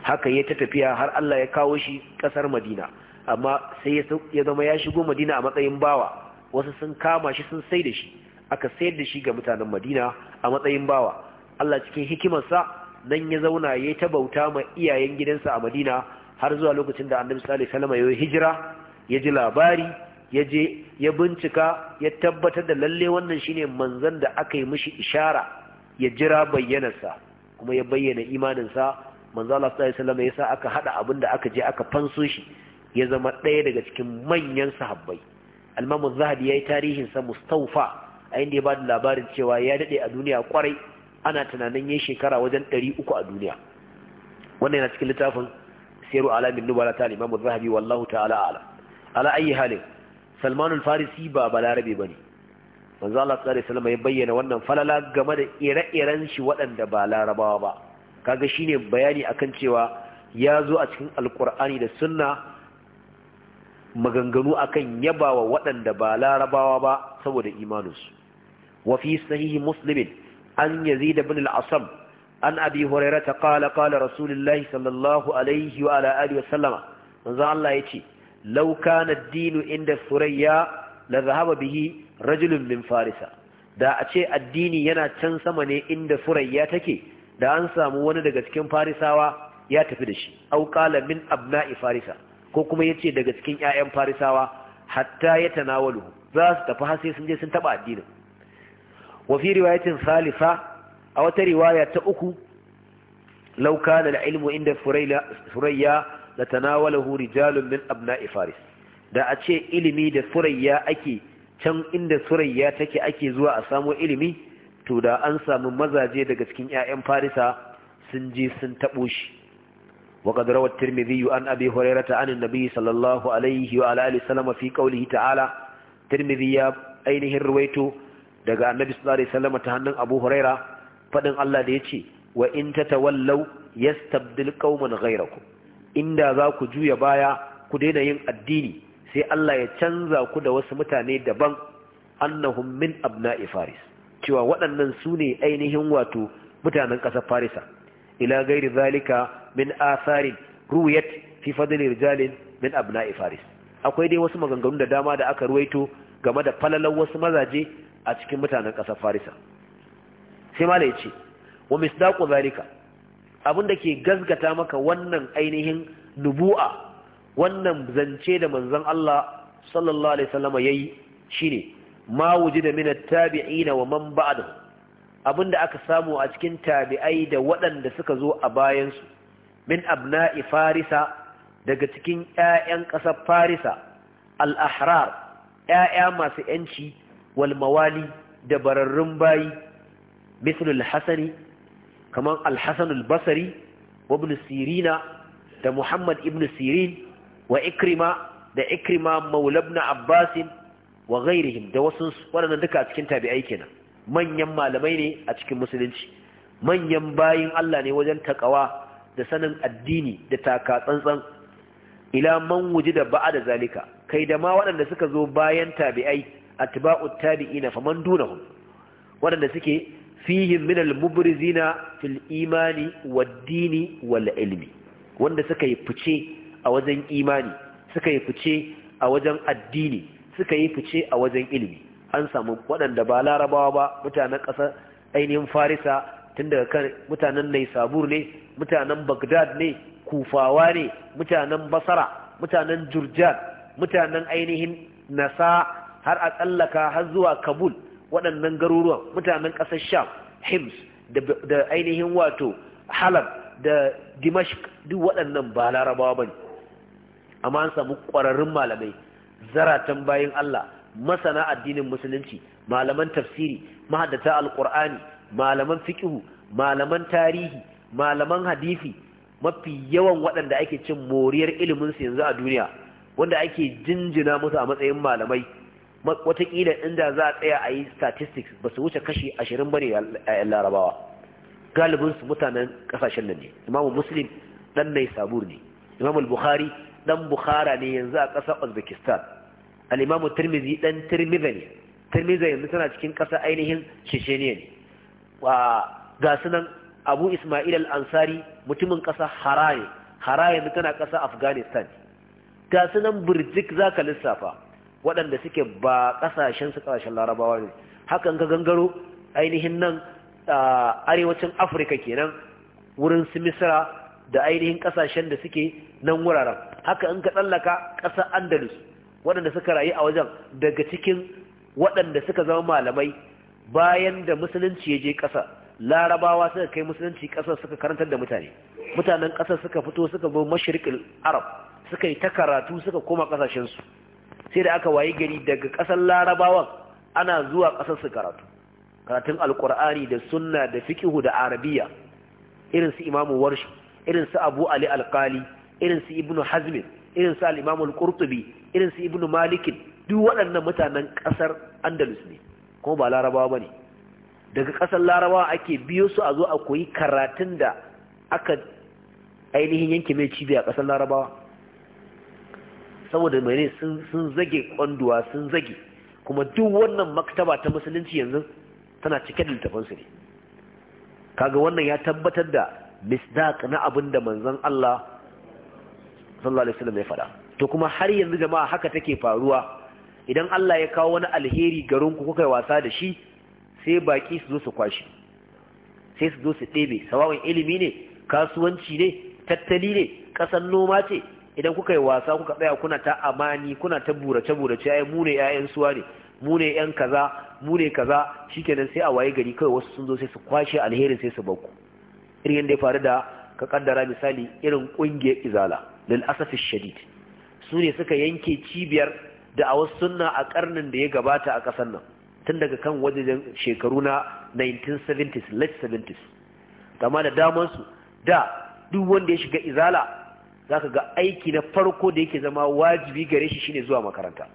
haka ya ta tafiya har Allah ya kawo shi kasar Madina amma sai ya zama ya shigo Madina a matsayin bawa wasu sun kama shi sun sai da shi aka sayar da shi ga mutanen Madina a matsayin bawa Allah cikin hikimarsa nan ya zauna ya ta bauta ma iyayen gidansa a Madina har zuwa lokacin da Annabi sallallahu alaihi wasallam ya hijira ya ji labari ya je ya bincika ya tabbatar da lalle wannan shine manzon da aka yi mishi ishara ya jira bayyanarsa kuma ya bayyana imaninsa manzo Allah sallallahu alaihi wasallam yasa aka hada abin da aka je aka fanso shi ya zama ɗaya daga cikin manyan sahabbai al-Imam Az-Zahabi yayi tarihin sa Mustawfa a inda ya bada labarin cewa ya dade a duniya kwarai ana tunanin yayi shekara wajen 300 a duniya wannan yana cikin littafin Siru Alamin Nubala ta Imam zahabi wallahu ta'ala ala ala halin Salman al-Farisi ba balarabe bane manzo Allah sallallahu alaihi wasallam ya bayyana wannan falala game da ire-iren shi waɗanda ba larabawa ba kaga shine bayani akan cewa ya zo a cikin alkur'ani da sunna maganganu akan yabawa waɗanda ba larabawa ba saboda imaninsu wa fi sahihi muslimin an yazid ibn al-asam an abi hurairata qala qala rasulullahi sallallahu alaihi wa ala alihi wa sallama manzo Allah yace law kana ad-din inda surayya la dhahaba bihi rajulun min farisa da a ce addini yana can sama ne inda surayya take da an samu wani daga cikin farisawa ya tafi da shi au qala min abna'i farisa ko kuma yace daga cikin ƴaƴan farisawa hatta ya tanawalu za su tafi har sai sun je sun taba addinin wa fi riwayatin salisa a wata riwaya ta uku law kana al-ilmu inda furayla furayya la tanawalahu rijalun min abna'i faris da a ce ilimi da furayya ake can inda Furayya take ake zuwa a samo ilimi to da an sami mazaje daga cikin 'ya'yan farisa sun je sun tabo shi wa qad rawat tirmidhi an abi hurairah an annabi sallallahu alaihi wa ta'ala Tirmizi ya ainihin ruwaito daga annabi sallallahu sallama ta hannun abu hurairah fadin Allah da yace wa in tatawallaw yastabdil qauman ghayrakum inda za ku juya baya ku daina yin addini sai Allah ya canza ku da wasu mutane daban annahum min abna'i faris cewa waɗannan su ne ainihin wato mutanen ƙasar farisa ila gairi zalika min asarin ruwayat fi fadli rijalin min abna'i faris akwai dai wasu maganganu da dama da aka ruwaito game da falalan wasu mazaje a cikin mutanen ƙasar farisa sai mala ce wa misdaqu zalika abin da ke gazgata maka wannan ainihin nubu'a wannan zance da manzon Allah sallallahu alaihi wasallam yayi shine ma wujida min at-tabi'in wa man ba'dahu abinda aka samu a cikin tabi'ai da waɗanda suka zo a bayan su min abna'i farisa daga cikin ƴaƴan ƙasar farisa al-ahrar ƴaƴa masu yanci wal mawali da bararrun bayi mislul hasani kaman al-hasan al-basri wa ibn sirina da muhammad ibn sirin wa ikrima da ikrima maulabna abbasin wa ghairihim da wasu waɗannan duka a cikin tabi'ai kenan manyan malamai ne a cikin musulunci manyan bayin Allah ne wajen takawa da sanin addini da taka tsantsan ila man wujida da zalika kai da ma waɗanda suka zo bayan tabi'ai atba'ut tabi'ina faman dunahum waɗanda suke fihim min al-mubrizina fil imani wad-dini wal ilmi wanda suka yi fice a wajen imani suka yi fice a wajen addini suka yi fice a wajen ilimi an samu waɗanda ba larabawa ba mutanen ƙasa ainihin farisa tun daga kan mutanen naisabur ne mutanen bagdad ne kufawa ne mutanen basara mutanen jurjad mutanen ainihin nasa har a tsallaka har zuwa kabul waɗannan garuruwan mutanen ƙasar sham hims da ainihin wato halab da dimashq duk waɗannan ba larabawa ba ne amma an samu ƙwararrun malamai zaratan bayin Allah masana addinin musulunci malaman tafsiri mahaddata alqur'ani malaman fiqhu malaman tarihi malaman hadisi mafi yawan waɗanda ake cin moriyar ilimin su yanzu a duniya wanda ake jinjina musu a matsayin malamai watakila inda za a tsaya a yi statistics ba su wuce kashi ashirin ba ne a larabawa galibinsu mutanen kasashen nan ne imamu muslim dan mai sabur ne imamu bukhari dan bukhara ne yanzu a ƙasar uzbekistan al'imamu turmizi dan turmiza ne turmiza yanzu tana cikin ƙasa ainihin shishiniya ne ga sunan abu ismail al'ansari mutumin ƙasa haraye haraye yanzu tana ƙasa afghanistan ga sunan birjik za ka lissafa waɗanda suke ba ƙasashen su ƙasashen larabawa ne hakan ka gangaro ainihin nan arewacin afirka kenan wurin su misira da ainihin ƙasashen da suke nan wuraren haka in ka tsallaka ƙasar andalus waɗanda suka rayu a wajen daga cikin waɗanda suka zama malamai bayan da musulunci ya je ƙasa larabawa suka kai musulunci ƙasar suka karantar da mutane mutanen ƙasar suka fito suka bi mashirƙin arab suka yi ta karatu suka koma ƙasashensu sai da aka wayi gari daga ƙasar larabawan ana zuwa ƙasar su karatu karatun alƙur'ani da sunna da fiƙihu da arabiya irin su imamu warshi irin su abu ali alƙali irin su ibnu hazmin irin su al-imam irin su ibnu malik duk waɗannan mutanen ƙasar andalus ne kuma ba larabawa bane daga ƙasar larabawa ake biyo su a zo a koyi karatun da aka ainihin yanke mai cibiya a ƙasar larabawa saboda mai ne sun zage kwanduwa sun zage kuma duk wannan maktaba ta musulunci yanzu tana cike da littafansu ne kaga wannan ya tabbatar da misdaq na abin da manzon Allah sallallahu alaihi wasallam ya faɗa to kuma har yanzu jama'a haka take faruwa idan Allah ya kawo wani alheri garin ku kuka wasa da shi sai baki su zo su kwashi sai su zo su ɗebe sawawan ilimi ne kasuwanci ne tattali ne ƙasar noma ce idan kuka yi wasa kuka tsaya kuna ta amani kuna ta burace burace ai mu ne ƴaƴan suwa ne mu ne ƴan kaza mu ne kaza shikenan sai a waye gari kai wasu sun zo sai su kwashe alherin sai su bakku irin da ya faru da ka kaddara misali irin ƙungiyar izala lil asafi shadid su ne suka yanke cibiyar da da'awar sunna a karnin da ya gabata a ƙasar nan tun daga kan wajen shekaru na 1970s late 70s kama da damansu da duk wanda ya shiga izala za ka ga aiki na farko da yake zama wajibi gare shi shine zuwa makaranta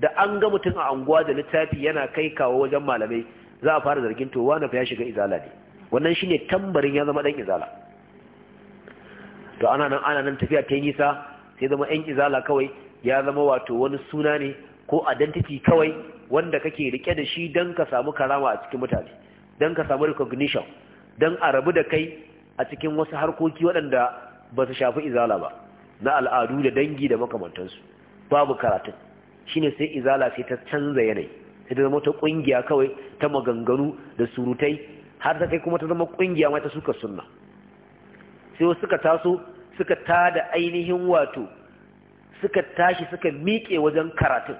da an ga mutum a anguwa da littafi yana kai kawo wajen malamai za a fara zargin to wani ya shiga izala ne wannan shine tambarin ya zama ɗan izala to ana nan ana nan tafiya ta nisa sai zama yan izala kawai ya zama wato wani suna ne ko identity kawai wanda kake rike da shi don ka samu karama a cikin mutane don ka samu recognition don a rabu da kai a cikin wasu harkoki waɗanda ba su shafi izala ba na al'adu da dangi da makamantansu babu karatun shine sai izala sai ta canza yanayi sai ta zama ta ƙungiya kawai ta maganganu da surutai har ta kai kuma ta zama ƙungiya mai ta suka sunna sai suka taso suka tada ainihin wato suka tashi suka miƙe wajen karatun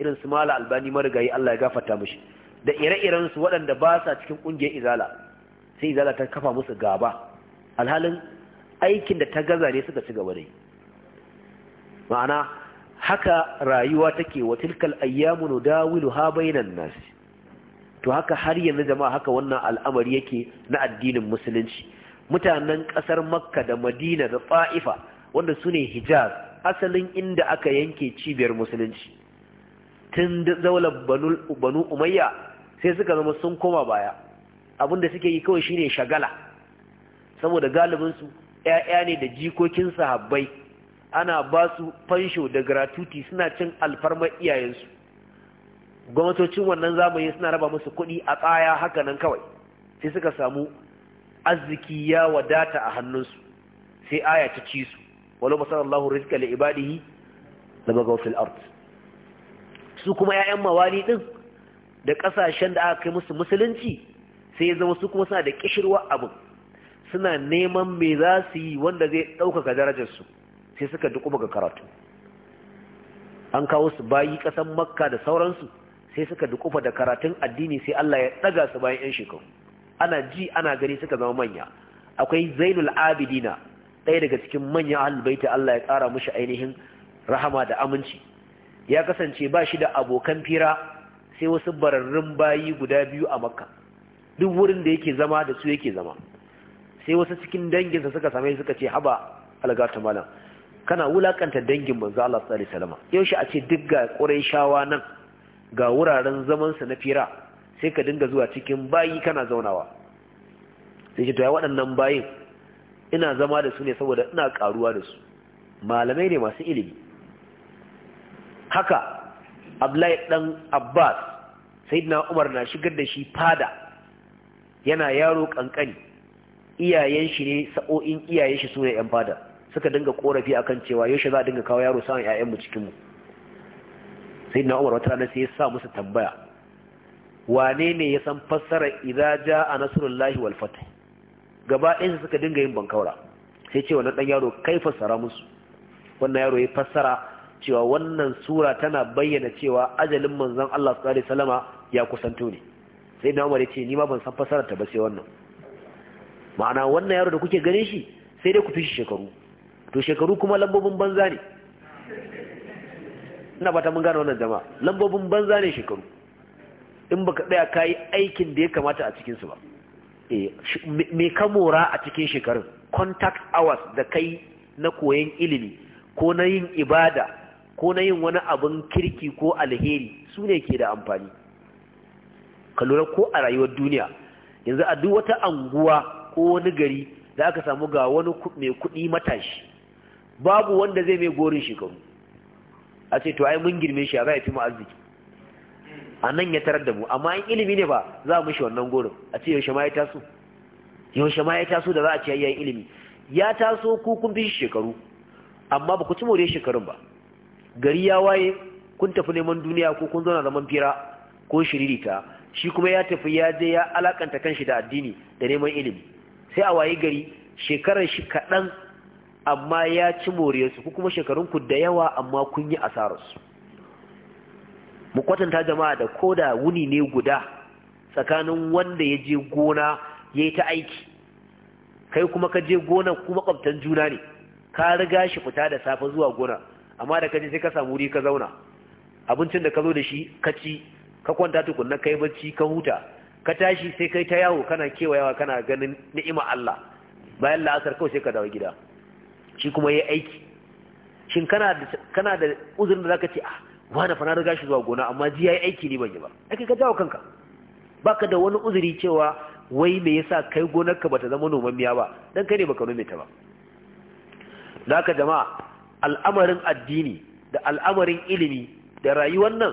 irin su mala albani marigayi Allah ya gafarta mushi. da ire-iren su waɗanda ba sa cikin ƙungiyar izala sai izala ta kafa musu gaba alhalin aikin da ta gaza ne suka ci gaba da yi ma'ana haka rayuwa take wa tilkal ayyamu nudawilu ha bainan nas to haka har yanzu jama'a haka wannan al'amari yake na addinin musulunci mutanen ƙasar makka da madina da fa'ifa wanda su ne hijaz asalin inda aka yanke cibiyar musulunci tun zaular banu umayya sai suka zama sun koma baya da suke yi kawai shine shagala saboda galibinsu ‘ya'ya ne da jikokin sahabbai ana ba su fansho da gratuti suna cin alfarmar iyayensu gwamnatocin wannan zamani suna raba musu kuɗi a tsaya haka nan kawai sai suka samu arziki ya wadata a hannunsu sai aya ta ci su wani masar Allah rizqa li ibadihi da bagaw art su kuma 'ya'yan mawali din da kasashen da aka kai musu musulunci sai ya zama su kuma suna da kishirwa abin suna neman mai za su yi wanda zai ɗaukaka darajarsu sai suka duk ga karatu an kawo su bayi ƙasan makka da sauransu sai suka dukufa da karatun addini sai Allah ya ɗaga su bayan 'yan shekaru ana ji ana gani suka zama manya akwai zainul abidina ɗaya daga cikin manya albaita Allah ya ƙara mushi ainihin rahama da aminci ya kasance ba shi da abokan fira sai wasu bararrun bayi guda biyu a makka duk wurin da yake zama da su yake zama sai wasu cikin danginsa suka same suka ce haba algata malam kana wulakanta dangin manzo Allah sallallahu alaihi wasallam yau shi a ce duk ga Qurayshawa nan ga wuraren zaman su na fira sai ka dinga zuwa cikin bayi kana zaunawa sai ce to ya waɗannan bayin ina zama da su ne saboda ina karuwa da su malamai ne masu ilimi haka Abdullahi ɗan Abbas Sayyidina Umar na shigar da shi fada yana yaro ƙanƙani. iyayen shi ne sa'o'in iyayen shi sune yan fada suka dinga korafi kan cewa yaushe za a dinga kawo yaro sa'an 'ya'yanmu cikinmu? sai na Umar wata rana sai ya sa musu tambaya wane ne ya san fassara idza jaa nasrullahi wal fath gaba ɗayan suka dinga yin bankaura sai ce wannan dan yaro kai fassara musu wannan yaro ya fassara cewa wannan sura tana bayyana cewa ajalin manzon Allah sallallahu alaihi wasallama ya kusanto ne sai na Umar ya ce ni ma ban san fassara ta ba sai wannan ma'ana wannan yaro da kuke ganin shi sai dai ku fi shekaru to shekaru kuma lambobin banza ne ina ba ta mun gane wannan jama'a lambobin banza ne shekaru in baka tsaya ka yi aikin da ya kamata a cikinsu ba eh, me ka mora a cikin shekarun contact hours da kai na koyon ilimi ko na yin ibada ko na yin wani abin kirki ko alheri su ne ke da amfani ka lura ko a rayuwar duniya yanzu a duk wata anguwa ko wani gari da aka samu ga wani mai kuɗi matashi babu wanda zai mai gorin shekaru a ce to ai mun girme shi a za ya fi mu arziki a nan ya tarar da mu amma in ilimi ne ba za mu shi wannan gorin a ce yaushe ma ya taso yaushe ma ya taso da za a ce yayi ilimi ya taso ku kun bi shekaru amma ba ku ci more shekarun ba gari ya waye kun tafi neman duniya ko kun zauna zaman fira ko shiririta shi kuma ya tafi ya je ya alakanta kanshi da addini da neman ilimi sai a waye gari shekarar shi kaɗan amma ya ci more su kuma shekarunku da yawa amma kun yi asararsu mu kwatanta jama'a da koda wuni ne guda tsakanin wanda ya je gona ya yi ta aiki kai kuma ka je gona kuma kwabtan juna ne ka riga shi fita da safe zuwa gona amma da ka je sai ka samu wuri ka zauna abincin da ka zo da shi ka ci ka kwanta tukunna kai bacci ka huta ka tashi sai kai ta yawo kana kewayawa kana ganin ni'ima Allah bayan la'asar kawai sai ka dawo gida shi kuma yi aiki shin kana da kana da uzurin da ce ah wani fa na riga shi zuwa gona amma ji yayi aiki ne ban yi ba ake ka jawo kanka baka da wani uzuri cewa wai me yasa kai gonar gonarka bata zama noman miya ba dan kai ne baka nome ta ba haka jama'a al'amarin addini da al'amarin ilimi da rayuwar nan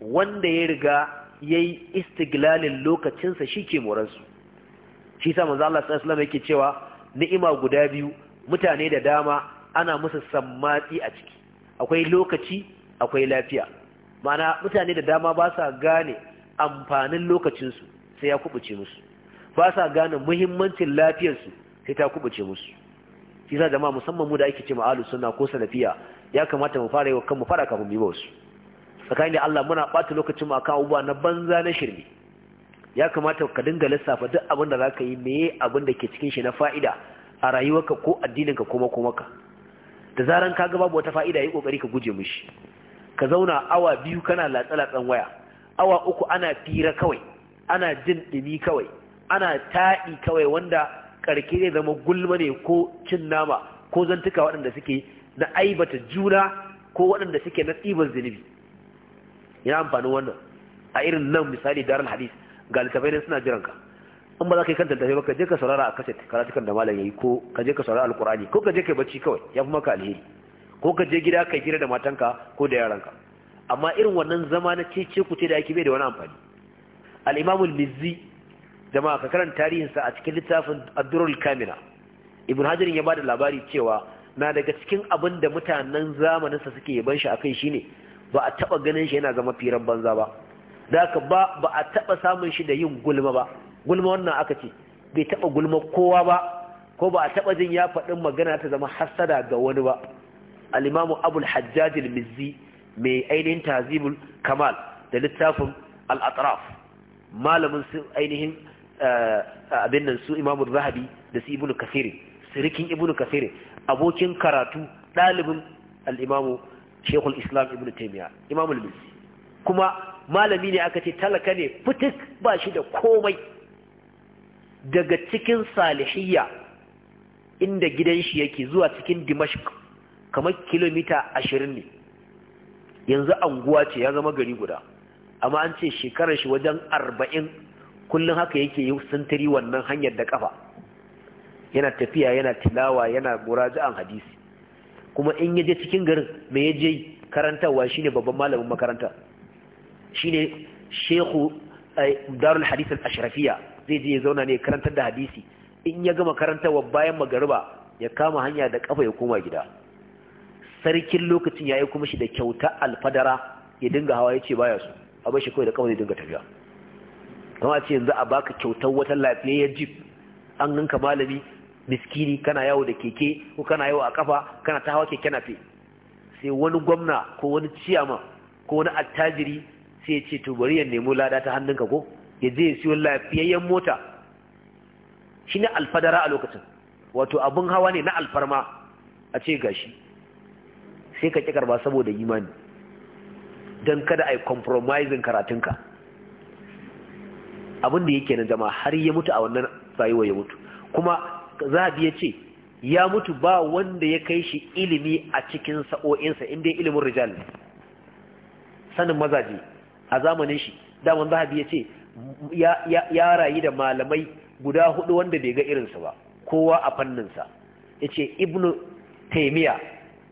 wanda ya riga yayi istiglalin lokacinsa shike moransu shi sa manzo Allah sallallahu alaihi wasallam yake cewa ni'ima guda biyu mutane da dama ana musu sammati a ciki akwai lokaci akwai lafiya mana mutane da dama ba sa gane amfanin lokacinsu sai ya kubuce musu ba sa gane muhimmancin lafiyarsu sai ta kubuce musu kisa jama'a musamman mu da ake ce ma'alu suna ko salafiya ya kamata mu fara yi wa kanmu fara kafin mu wasu tsakanin da Allah muna ɓata lokacin mu akan abubuwa na banza na shirme ya kamata ka dinga lissafa duk abin da ka yi meye abin da ke cikin shi na fa'ida a rayuwarka ko addininka ko makomaka da zaran ka ga babu wata fa'ida yi kokari ka guje mishi ka zauna awa biyu kana latsa-latsan waya awa uku ana fira kawai ana jin ɗumi kawai ana ta'i kawai wanda ƙarƙi ne zama gulma ne ko cin nama ko zantuka waɗanda suke na aibata juna ko waɗanda suke na tsibar zunubi Ina amfanin wannan a irin nan misali darar hadis ga littafai ne suna jiranka in ba za ka yi kan ba ka je ka saurara a kaset karatukan da malam yayi ko ka je ka saurara alkurani ko ka je ka bacci kawai ya fi maka alheri ko ka je gida ka gira da matanka ko da yaranka amma irin wannan zama na cece ku ce da ake bai da wani amfani al-imam al-mizzi jama'a ka karanta tarihin sa a cikin littafin ad-durrul kamila ibn hajar ya bada labari cewa na daga cikin abin da mutanen zamanin sa suke yaban shi akai shine ba a taba ganin shi yana zama firan banza ba da ka ba ba a taba samun shi da yin gulma ba gulma wannan aka ce bai taba gulma kowa ba ko ba a taba jin ya faɗin magana ta zama hasada ga wani ba al-imamu abul hajjaj al-mizzi mai ainihin tazibul kamal da littafin al-atraf malamin su ainihin eh, abin nan su imamu zahabi da su ibnu kasiri sirikin ibnu kasiri abokin karatu ɗalibin al-imamu shekul islam ibnu taimiyya imamu al-mizzi kuma malami ne aka ce talaka ne fitik ba shi da komai daga cikin salihiyya inda gidan shi yake zuwa cikin dimashq kamar kilomita ashirin ne yanzu anguwa ce ya zama gari guda amma an ce shekarar shi wajen arba'in kullum haka yake yi sintiri wannan hanyar da kafa yana tafiya yana tilawa yana an hadisi kuma in yaje cikin garin me yaje karantarwa shine babban malamin makaranta shine shehu eh, darul hadith al zai je ya zauna ne karantar da hadisi in ya gama karantarwa bayan magariba ya kama hanya da kafa ya koma gida sarkin lokacin ya yi kuma shi da kyauta alfadara ya dinga hawa ya ce baya su a bai shi kawai da kawai ya dinga tafiya a ce yanzu a baka kyautar wata lafiyayyar jib an ninka malami miskini kana yawo da keke ko kana yawo a kafa kana ta hawa keke nafe sai wani gwamna ko wani ciyama ko wani attajiri sai ya ce to bari ya nemo lada ta hannunka ko ya je ya siyo lafiyayyen mota shi ne alfadara a lokacin wato abun hawa ne na alfarma a ce gashi sai ka ƙi karba saboda imani don kada a yi compromising karatunka abin da yake na jama har ya mutu a wannan rayuwa ya mutu kuma zahabi ya ce ya mutu ba wanda ya kai shi ilimi a cikin sa'o'insa inda ilimin rijal sanin mazaje a zamanin shi daman a ya ce ya rayu da malamai guda hudu wanda bai ga irinsa ba kowa a fanninsa ya ce ibnu taimiyya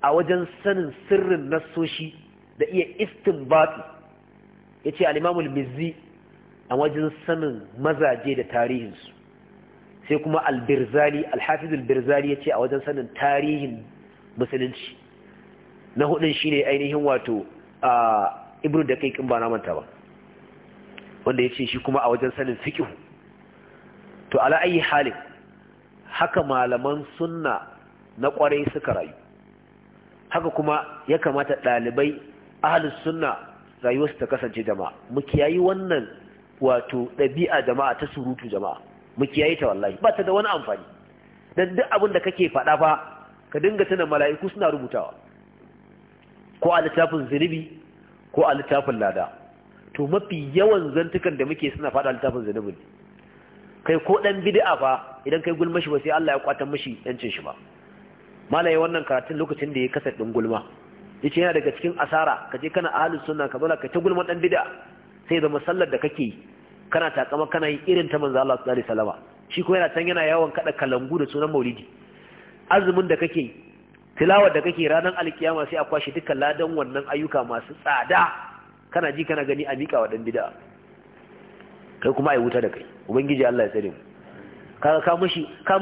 a wajen sanin sirrin nasoshi da iya istin yace ya ce alimamul mizzi a wajen sanin mazaje da tarihinsu sai kuma al-Birzali ya ce yace a wajen sanin tarihin musulunci na hudun shi ne ainihin wato a Ibn da kai kin ba na manta ba wanda yace shi kuma a wajen sanin fikihu to ala'ayi halin haka malaman sunna na kwarai suka rayu haka kuma ya kamata ɗalibai ahalus sunna rayuwarsu ta kasance jama'a mu kiyayi wannan wato ɗabi'a jama'a ta surutu jama'a mu kiyayi ta wallahi ba ta da wani amfani dan duk abin da kake faɗa fa ka dinga tuna mala'iku suna rubutawa ko a littafin zunubi ko a littafin lada to mafi yawan zantukan da muke suna faɗa littafin zunubi kai ko ɗan bid'a fa idan kai gulmashi ba sai Allah ya kwatar mashi yancin shi ba malaye wannan karatun lokacin da ya kasa ɗin gulma Ya ce yana daga cikin asara Ka je kana ahlus suna ka zola ka ta gulma ɗan bid'a sai zama sallar da kake kana takama kana yi irin ta manzo Allah sallallahu alaihi shi ko yana can yana yawan kada kalangu da sunan maulidi azumin da kake tilawar da kake ranar alkiyama sai a kwashe dukkan ladan wannan ayyuka masu tsada kana ji kana gani a miƙa wa ɗan bid'a kai kuma ai wuta da kai ubangiji Allah ya tsare ka ka mishi ka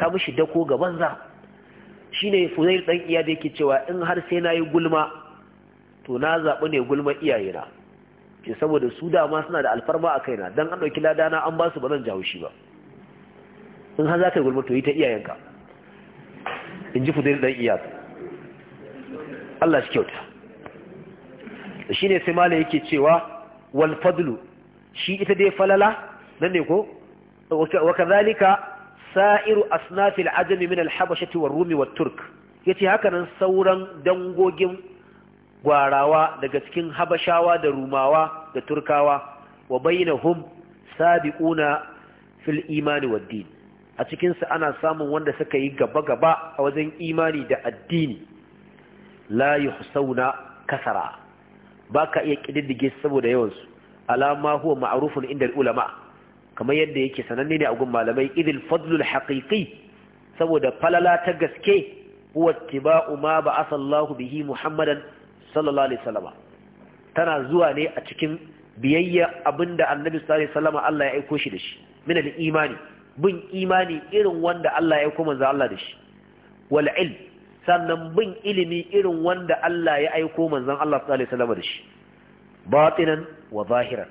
ka mishi dako ga banza ne fuzail ɗan iya da yake cewa in har sai na yi gulma to na zaɓi ne gulma iyayena Ke saboda su dama suna da alfarma a kaina don an ɗauki ladana an ba su ba zan jawo shi ba in har za ka yi gulma to yi ta iyayenka in ji fuzail ɗan iya Allah shi kyauta shi ne sai mala yake cewa wal fadlu shi ita dai falala nan ne ko wa kadhalika sa'iru asnafil ajami min alhabashati war rumi wa turk ya haka nan sauran dangogin gwarawa daga cikin habashawa da rumawa da turkawa wa hum sabiquna fil imani wa din a cikinsu ana samun wanda suka yi gaba gaba a wajen imani da addini la yuhsauna kasara baka iya kididdige saboda yawan su alama huwa ma'rufun inda ulama kamar yadda yake sananne ne a gun malamai idil fadlul haqiqi saboda falala ta gaske huwa ittiba'u ma ba'atha Allahu bihi Muhammadan sallallahu alaihi wasallam tana zuwa ne a cikin biyayya abinda Annabi sallallahu alaihi wasallam Allah ya aika shi da shi min al-imani bin imani irin wanda Allah ya aiko manzo Allah da shi wal ilm sannan bin ilimi irin wanda Allah ya aiko manzon Allah sallallahu alaihi wasallam da shi batinan wa zahiran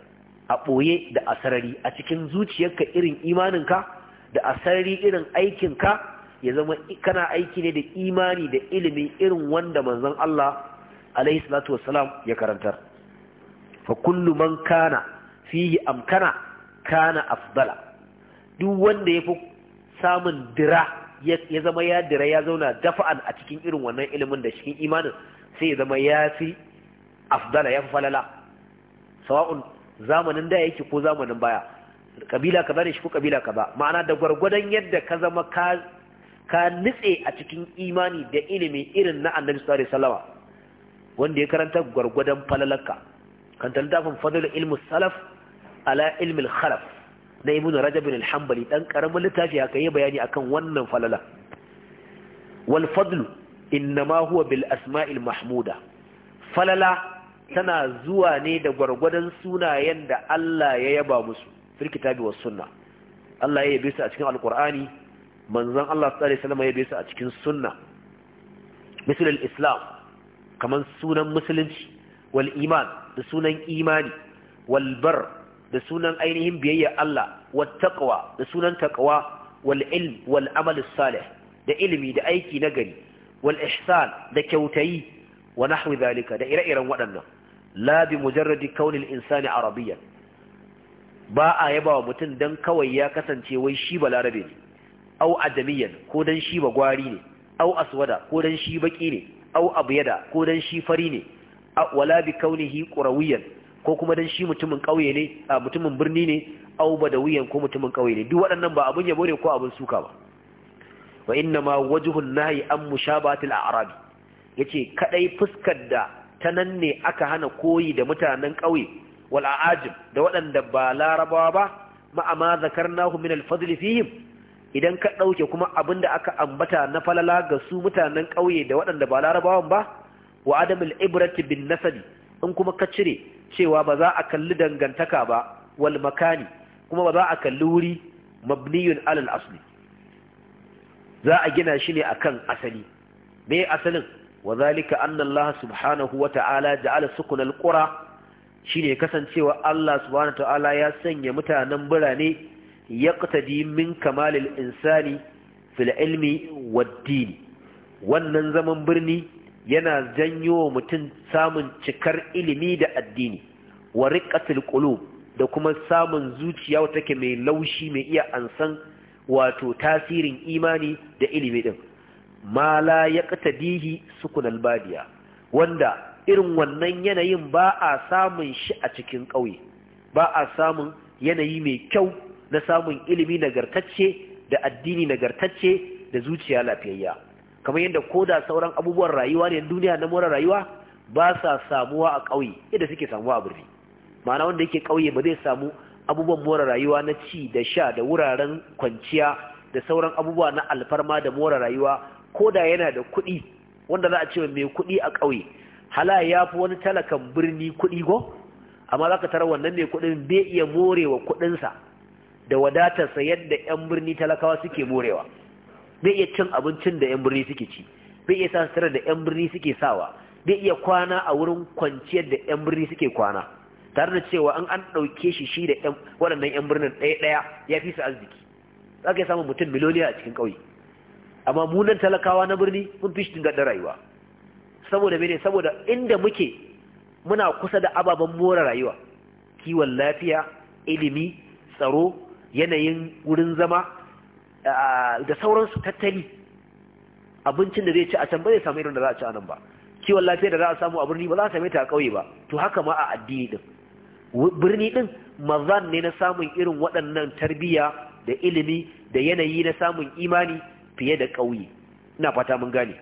a ɓoye da a sarari a cikin zuciyarka irin imaninka da a sarari irin aikinka ya zama kana aiki ne da imani da ilimi irin wanda manzon Allah alaihi salatu wassalam ya karantar fa kullu man kana fihi amkana kana afdala duk wanda ya fi samun dira ya zama ya dira ya zauna dafa'an a cikin irin wannan ilimin da cikin imanin sai ya zama ya fi afdala ya fi falala sawa'un zamanin da yake ko zamanin baya kabila kaza ne shi ko kabila kaza ma'ana da gwargwadon yadda ka zama ka ka nitse a cikin imani da ilimi irin na annabi sallallahu alaihi wanda ya karanta gwargwadon falalaka kan tallafin fadl ilmu salaf ala ilmi al-khalaf na ibn rajab bin al-hanbali dan karamin littafi haka yayi bayani akan wannan falala wal fadlu innama huwa bil asma'il mahmuda falala tana zuwa ne da gwargwadon sunayen da Allah ya yaba musu fil kitabi was sunna Allah ya yabe su a cikin alqur'ani manzon Allah sallallahu alaihi wasallam ya yabe su a cikin sunna misal al-islam kaman sunan musulunci wal iman da sunan imani wal bar da sunan ainihin biyayya Allah wat taqwa da sunan taqwa wal ilm wal amal salih da ilimi da aiki nagari wal ihsan da kyautayi wa nahwi zalika da ire-iren waɗannan la bi mujarradi kaunil insani arabiyan ba a yaba wa mutum dan kawai ya kasance wai shi balarabe ne au Adamiyan ko dan shi ba ne au aswada ko dan shi baki ne au abyada ko dan shi fari ne wala bi kaunihi qurawiyan ko kuma dan shi mutumin birni ne au badawiyan ko mutumin kauye ne duk waɗannan ba abun yabo ne ko abun suka ba wa inna ma wajhun nahyi an a a'rabi yace kaɗai fuskar da ta nan ne aka hana koyi da mutanen ƙauye wal da waɗanda ba larabawa ba ma'ama zakarnahu min alfazil fihim idan ka ɗauke kuma abin da aka ambata na falala ga su mutanen ƙauye da waɗanda ba larabawan ba wa adamul ibrati bin Nasari in kuma ka cire cewa ba za a kalli dangantaka ba wal makani kuma ba za a kalli wuri mabniyun alal asli za a gina shi ne akan asali me asalin وذلك أن الله سبحانه وتعالى sukunal kura, القرى shine kasancewa Allah subhanahu ta'ala ya sanya mutanen birane yaqtadi dimin kamalil insani fil ilmi waddini, wannan zaman birni yana janyo wa mutum samun cikar ilimi da addini wa riqatil da kuma samun zuciya take mai laushi mai iya ansan wato tasirin imani da ilimi din ma la katadihi sukun albadiya wanda irin wannan yanayin ba a samun shi a cikin ƙauye ba a samun yanayi mai kyau na samun ilimi nagartacce da addini nagartacce da zuciya lafiyayya kamar yadda ko da sauran abubuwan rayuwa ne duniya na more rayuwa ba sa samuwa a ƙauye yadda suke samuwa a birni ma'ana wanda yake ƙauye ba zai samu abubuwan more rayuwa na ci da sha da wuraren kwanciya da sauran abubuwa na alfarma da more rayuwa koda yana da kuɗi wanda za a ce mai kuɗi a ƙauye hala ya fi wani talakan birni kuɗi go amma za ka tara wannan mai kuɗin bai iya morewa kuɗinsa da wadatarsa yadda 'yan birni talakawa suke morewa bai iya cin abincin da 'yan birni suke ci bai iya sa sutura da 'yan birni suke sawa bai iya kwana a wurin kwanciyar da 'yan birni suke kwana tare da cewa an an ɗauke shi shi da waɗannan 'yan birnin ɗaya ɗaya ya fi su arziki za ka yi samun mutum miliyoniya a cikin ƙauye amma munan talakawa na birni mun fi shi da rayuwa saboda mene saboda inda muke muna kusa da ababen more rayuwa kiwon lafiya ilimi tsaro yanayin wurin zama da sauransu tattali abincin da zai ci a can ba zai samu irin da za a ci a nan ba kiwon lafiya da za a samu a birni ba za a same ta a ƙauye ba to haka ma a addini din birni din mazan ne na samun irin waɗannan tarbiyya da ilimi da yanayi na samun imani fiye da ƙauye ina fata mun gane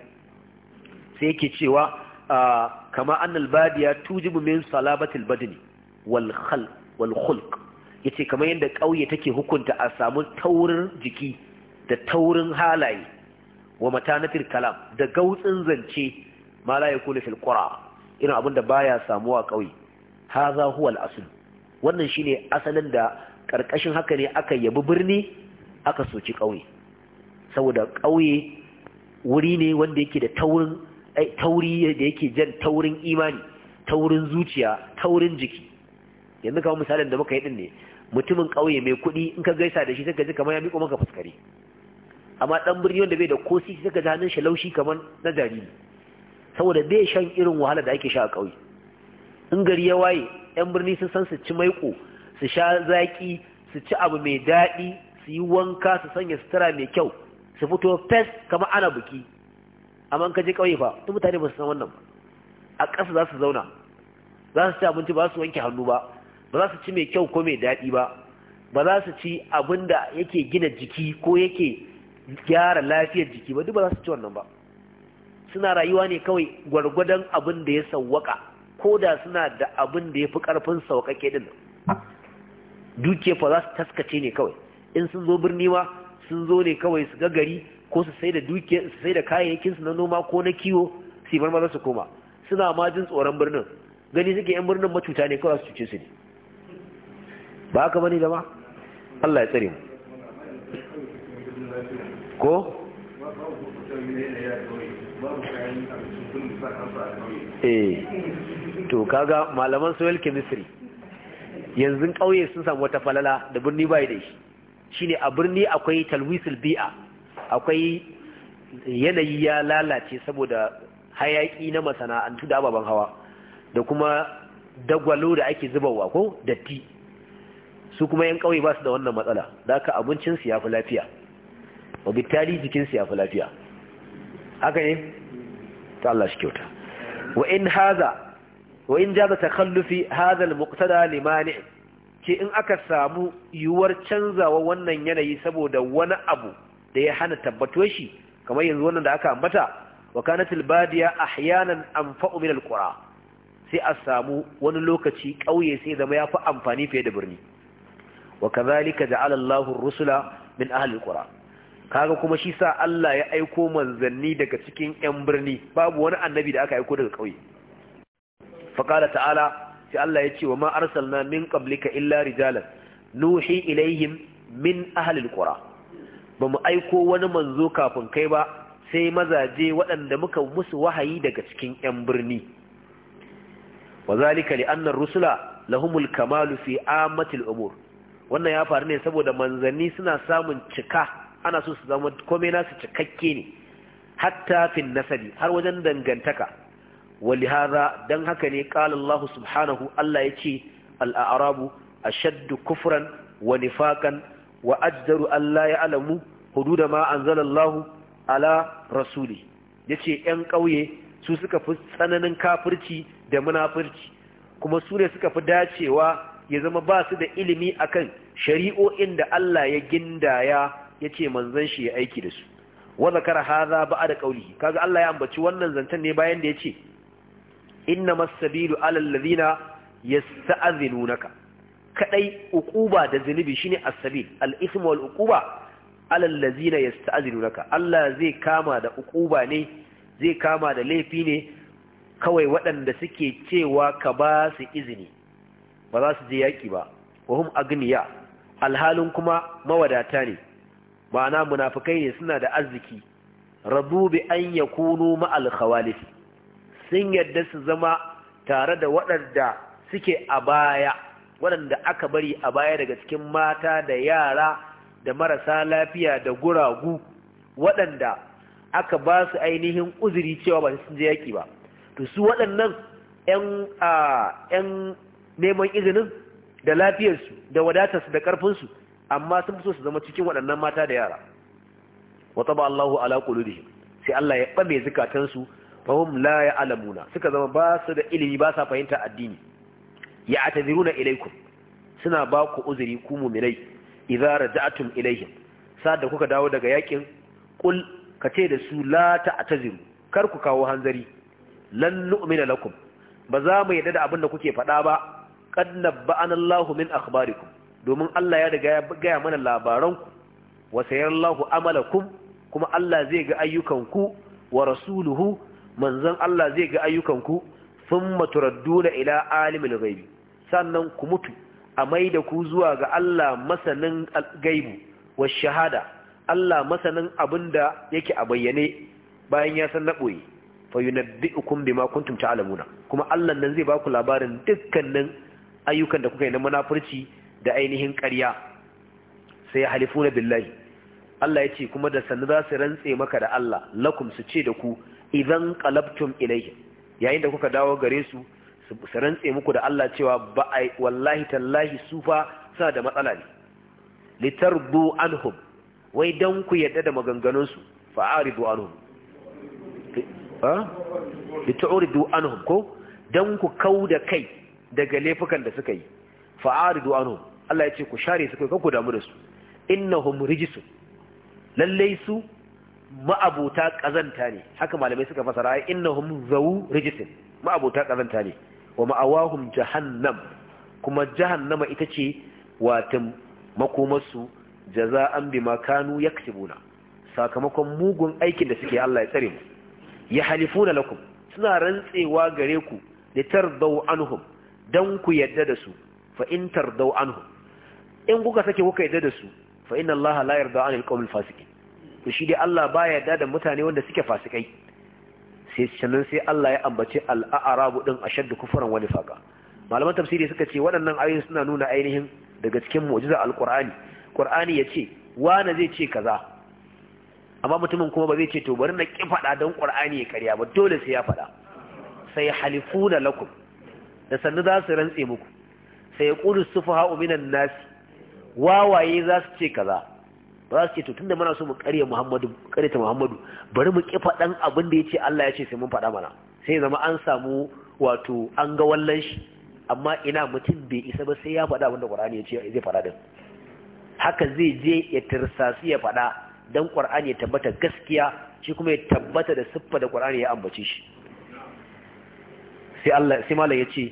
sai yake cewa ah, kama annal badiya tujibu min salabatil badni wal khal wal khulq yace kamar yadda ƙauye take hukunta a samu taurin jiki da taurin halaye wa matanatil kalam da gautsin zance ma la fil qura irin abin da baya samuwa ƙauye haza huwa al asl wannan shine asalin da karkashin haka ne aka yabi birni aka soki ƙauye saboda ƙauye wuri ne wanda yake da taurin tauri da yake jan taurin imani taurin zuciya taurin jiki yanzu kawo misalin da muka yi din ne mutumin ƙauye mai kuɗi in ka gaisa da shi sai ka ji kamar ya miƙo maka fuskare amma ɗan birni wanda bai da kosi sai ka ji hannun shi laushi kamar na jariri saboda bai shan irin wahala da ake sha a ƙauye in gari ya waye yan birni sun san su ci maiƙo su sha zaƙi su ci abu mai daɗi su yi wanka su sanya sutura mai kyau su fito fes kama ana buki amma ka je kawai fa duk mutane ba su san wannan ba a ƙasa za su zauna za su ci abinci ba su wanke hannu ba ba za su ci mai kyau ko mai daɗi ba ba za su ci abin da yake gina jiki ko yake gyara lafiyar jiki ba duk ba za su ci wannan ba suna rayuwa ne kawai gwargwadon abin da ya sauwaka ko da suna da abin da ya fi ƙarfin sauƙaƙe din duke fa za su taskace ne kawai in sun zo birni ma sun zo ne kawai su ga gari ko su sai da duke su sai da kayayyakin su na noma ko na kiwo su bar maza su koma suna ma jin tsoron birnin gani suke yan birnin macuta ne kawai su cuce su ne ba haka bane da Allah ya tsare mu ko eh to kaga malaman soil chemistry yanzu kauye sun samu wata falala da birni bai da shi shine a birni akwai talwisul bi'a akwai yanayi ya lalace saboda hayaki na masana'antu da ababen hawa da kuma dagwalo da ake zubarwa ko datti su kuma yan kauye ba su da wannan matsala da aka abincin su yafi lafiya wabittali jikin su yafi lafiya haka ne ta Allah shi kyauta wa in haza wa in jaza takhallufi hadha al-muqtada limani ke in aka samu yiwuwar canzawa wannan yanayi saboda wani abu da ya hana tabbatuwar shi kamar yanzu wannan da aka ambata wa kanatil badiya ahyanan anfa'u min alqura sai a samu wani lokaci kauye sai zama yafi amfani fiye da birni wa kadhalika ja'ala Allahu ar-rusula min ahli alqura kaga kuma shi sa Allah ya aiko manzanni daga cikin yan birni babu wani annabi da aka aiko daga kauye fa qala ta'ala sai Allah ya ce wa ma arsalna min qablika illa rijalan nuhi ilaihim min ahli alqura bamu aiko wani manzo kafin kai ba sai mazaje waɗanda muka musu wahayi daga cikin ƴan birni wa zalika li anna rusula lahumul kamalu fi amatil umur wannan ya faru ne saboda manzanni suna samun cika ana so su zama komai nasu cikakke ne hatta fin nasabi har wajen dangantaka walihara dan haka ne kala lahu subhanahu Allah yace ce al’arabu a shaddu kufuran wa nifakan wa Allah ya alamu hudu da ma an zala Allah ala rasuli ya ce ‘yan ƙauye su suka fi tsananin kafirci da munafurci kuma sune suka fi dacewa ya zama basu da ilimi a kan shari’o’in da Allah ya ginda ya ya ce shi ya aiki da su. Wazakar haza ba a da ƙauli, kaga Allah ya ambaci wannan zancen ne bayan da ya ce, Inna masabilu alal ladina yasta'dhinunaka kadai uquba da zunubi shine asabil al-ithm wal uquba alal ladina yasta'dhinunaka Allah zai kama da uquba ne zai kama da laifi ne kawai waɗanda suke cewa ka ba su izini ba za su je yaki ba wa hum agniya alhalin kuma mawadata ne ma'ana munafikai ne suna da arziki rabu bi an yakunu ma'al khawalifi sun yarda su zama tare da waɗanda suke a baya waɗanda aka bari a baya daga cikin mata da yara da marasa lafiya da guragu waɗanda aka ba su ainihin uzuri cewa ba sun je yaƙi ba to su waɗannan 'yan neman izinin da lafiyarsu da wadatarsu da ƙarfinsu amma sun fi so su zama cikin waɗannan mata da yara wata ba Allahu ala qulubihim sai Allah ya ɓame zukatansu fahum la alamuna. suka zama ba su da ilimi ba sa fahimta addini ya na ilaikum suna ba ku uzuri ku mu'minai idza ilaihin. ilaihim da kuka dawo daga yakin kul ce da su la ta'taziru kar ku kawo hanzari lan umina lakum ba za mu yadda da abin da kuke faɗa ba Ƙanna nabba'ana Allahu min akhbarikum domin Allah ya daga gaya mana labaranku wa amala amalakum kuma Allah zai ga ayyukanku wa rasuluhu manzon Allah zai ga ayyukan ayyukanku thumma na ila alimin ghaibi sannan ku mutu a mai da ku zuwa ga Allah masanin gaibu wa shahada Allah masanin abinda yake a bayyane bayan ya san na boye fa yunabbi'ukum bima kuntum ta'lamuna kuma Allah nan zai ku labarin dukkanin ayyukan da kuka yi na munafurci da ainihin ƙarya sai halifuna billahi Allah ya ce kuma da sannu za su rantse maka da Allah lakum su ce da ku idan kalabtum ilayhi yayin da kuka dawo gare su su rantse muku da Allah cewa ba wallahi tallahi su fa suna da matsala ne litardu anhum wai dan ku yadda da maganganun su fa'aridu anhum ha litaridu anhum ko dan ku kau da kai daga laifukan da suka yi fa'aridu anhum Allah ya ce ku share su kai ku damu da su innahum rijisun lallai su ma'abota kazanta ne haka malamai suka fasara innahum zawu rijisin ma'abota kazanta ne wa ma'awahum jahannam kuma jahannama ita ce watan makomarsu jaza'an bima kanu yaksibuna sakamakon mugun aikin da suke Allah ya tsare mu ya halifuna lakum suna rantsewa gare ku da tardau anhum dan ku yadda da su fa in anhum in kuka sake kuka yadda da su fa inna Allah la yarda anil qawmil fasiqin to shi dai Allah baya yarda da mutane wanda suke fasikai sai sannan sai Allah ya ambaci al-a'rabu din ashaddu kufran wa nifaqa malaman tafsiri suka ce waɗannan ayoyi suna nuna ainihin daga cikin mu'jiza al-qur'ani qur'ani yace wani zai ce kaza amma mutumin kuma ba zai ce to bari na ki fada dan qur'ani ya karya ba dole sai ya fada sai halifuna lakum da sannu za su rantse muku sai yaqulu sufaha'u minan nas wawaye za su ce kaza ba su ce to da muna so mu ƙarya Muhammadu ta Muhammadu bari mu kifa dan abin da yace Allah ya ce sai mun faɗa mana sai zama an samu wato an ga wallan shi amma ina mutum bai isa ba sai ya faɗa abin da Qur'ani ya ce zai faɗa din haka zai je ya tirsasi ya faɗa dan Qur'ani ya tabbata gaskiya shi kuma ya tabbata da siffa da Qur'ani ya ambace shi sai Allah sai malam ce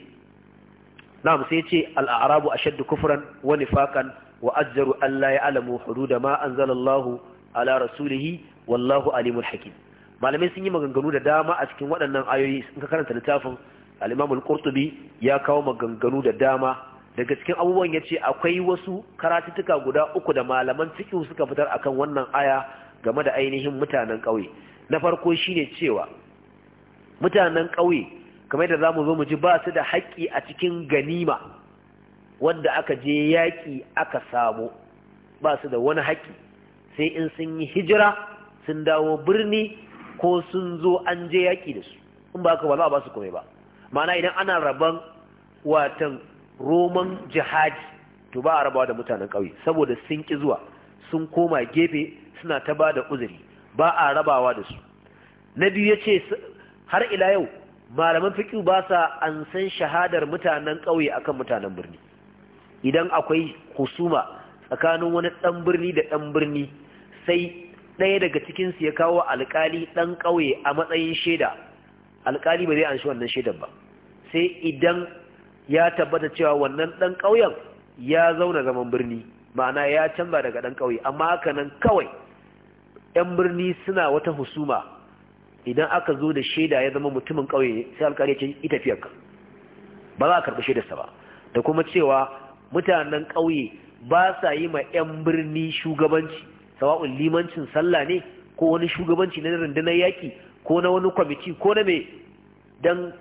na'am sai ya ce al-a'rabu ashaddu kufran wa nifaqan wa Allah ya alamu da ma anzalallahu ala rasulihi wallahu alimul hakim malamai sun yi maganganu da dama a cikin waɗannan ayoyi sun ka karanta littafin al-Imam al-Qurtubi ya kawo maganganu da dama daga cikin abubuwan ya ce akwai wasu karatuttuka guda uku da malaman cikin suka fitar akan wannan aya game da ainihin mutanen ƙauye na farko shine cewa mutanen ƙauye kamar da zamu zo mu ji ba su da haƙƙi a cikin ganima Wanda aka je yaƙi aka samu ba su da wani haƙƙi sai in sun yi hijira sun dawo birni ko sun zo an je yaƙi da su in ba ka ba za a ba su kome ba ma'ana idan ana rabon watan roman jihadi to ba a rabawa da mutanen ƙauye saboda sun ƙi zuwa sun koma gefe suna ta ba da uzuri ba a rabawa da su na biyu ya ce har ila yau malaman fiƙi ba sa an san shahadar mutanen ƙauye akan mutanen birni idan akwai husuma tsakanin wani ɗan birni da ɗan birni sai ɗaya daga cikinsu ya kawo alƙali ɗan ƙauye a matsayin shaida alƙali ba zai an shi wannan shaidan ba sai idan ya tabbata cewa wannan ɗan ƙauyen ya zauna zaman birni ma'ana ya canza daga ɗan ƙauye amma haka nan kawai 'yan birni suna wata husuma idan aka zo da shaida ya zama mutumin ƙauye sai alƙali ya ce ita fiyarka ba za a karɓi shaidarsa ba da kuma cewa mutanen ƙauye ba sa yi ma 'yan birni shugabanci sawa'un limancin sallah ne ko wani shugabanci na rundunar yaƙi ko na wani kwamiti ko na mai don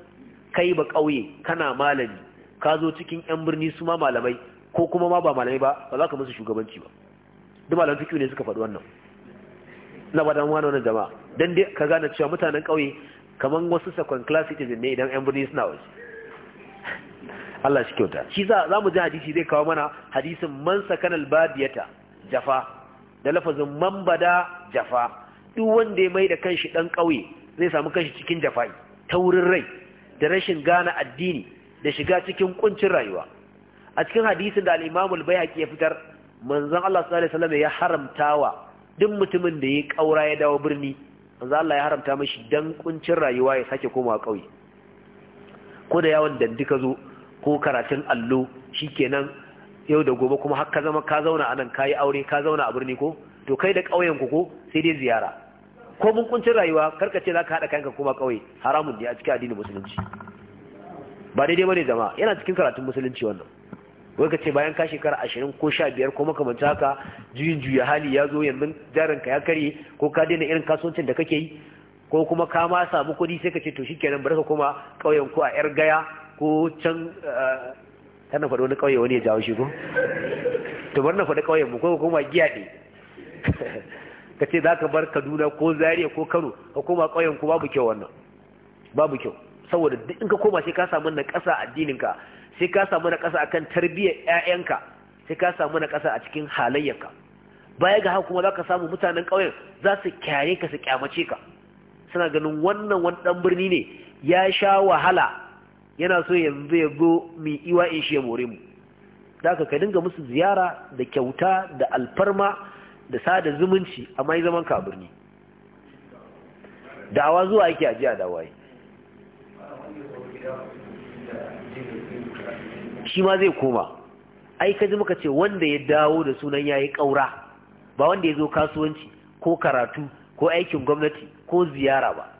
kai ba ƙauye kana malami ka zo cikin 'yan birni su ma malamai ko kuma ma ba malamai ba ba za ka musu shugabanci ba duk malamai fikiyu ne suka faɗi wannan na ba dan wani wannan jama'a don dai ka gane cewa mutanen ƙauye kamar wasu second class citizen ne idan 'yan birni suna wasu Allah shi kyauta shi za za mu ji hadisi zai kawo mana hadisin man sakanal badiyata jafa da lafazin man bada jafa duk wanda ya mai da kanshi dan kauye zai samu kanshi cikin jafai taurin rai da rashin gane addini da shiga cikin kuncin rayuwa a cikin hadisin da al-Imam al-Baihaqi ya fitar manzon Allah sallallahu alaihi wasallam ya haramtawa duk mutumin da ya kaura ya dawo birni manzon Allah ya haramta mashi dan kuncin rayuwa ya sake komawa kauye ko da yawon dandika zo ko karatun allo shi shikenan yau da gobe kuma har ka zama ka zauna anan yi aure ka zauna a birni ko to kai da ƙauyen ku ko sai dai ziyara ko mun kuncin rayuwa karka ce zaka hada kanka kuma ƙauye haramun ne a cikin addinin musulunci ba dai daidai bane jama'a yana cikin karatun musulunci wannan wai ka ce bayan ka shekara ashirin ko sha biyar ko makamanta haka juyin juya hali ya zo yanzu ka ya karye ko ka daina irin kasuwancin da kake yi ko kuma ka ma samu kuɗi sai ka ce to shikenan bari ka koma ƙauyen ku a yar gaya ko can eh, na faɗo wani ƙauye wani ya jawo shi ko to bar na faɗi ƙauyen mu ko koma giya ne <laughs> ka ce za ka bar kaduna ko zaria ko kano ka koma ƙauyen ku babu kyau wannan babu kyau saboda duk in ka koma sai ka samu na ƙasa addininka sai ka samu na ƙasa akan tarbiyyar ƴaƴanka sai ka samu na ƙasa a cikin halayyarka baya ga haka kuma za ka samu mutanen ƙauyen za su kyare ka su kyamace ka suna ganin wannan wani ɗan birni ne ya sha wahala yana so yanzu ya zo mi iwa in shi ya more mu daga ka dinga musu ziyara da kyauta da alfarma da sada zumunci amma yi zaman kabirni dawa zuwa ake ajiya da waye shi ma zai koma ai ka ji muka ce wanda ya dawo da sunan yayi kaura ba wanda ya zo kasuwanci ko karatu ko aikin gwamnati ko ziyara ba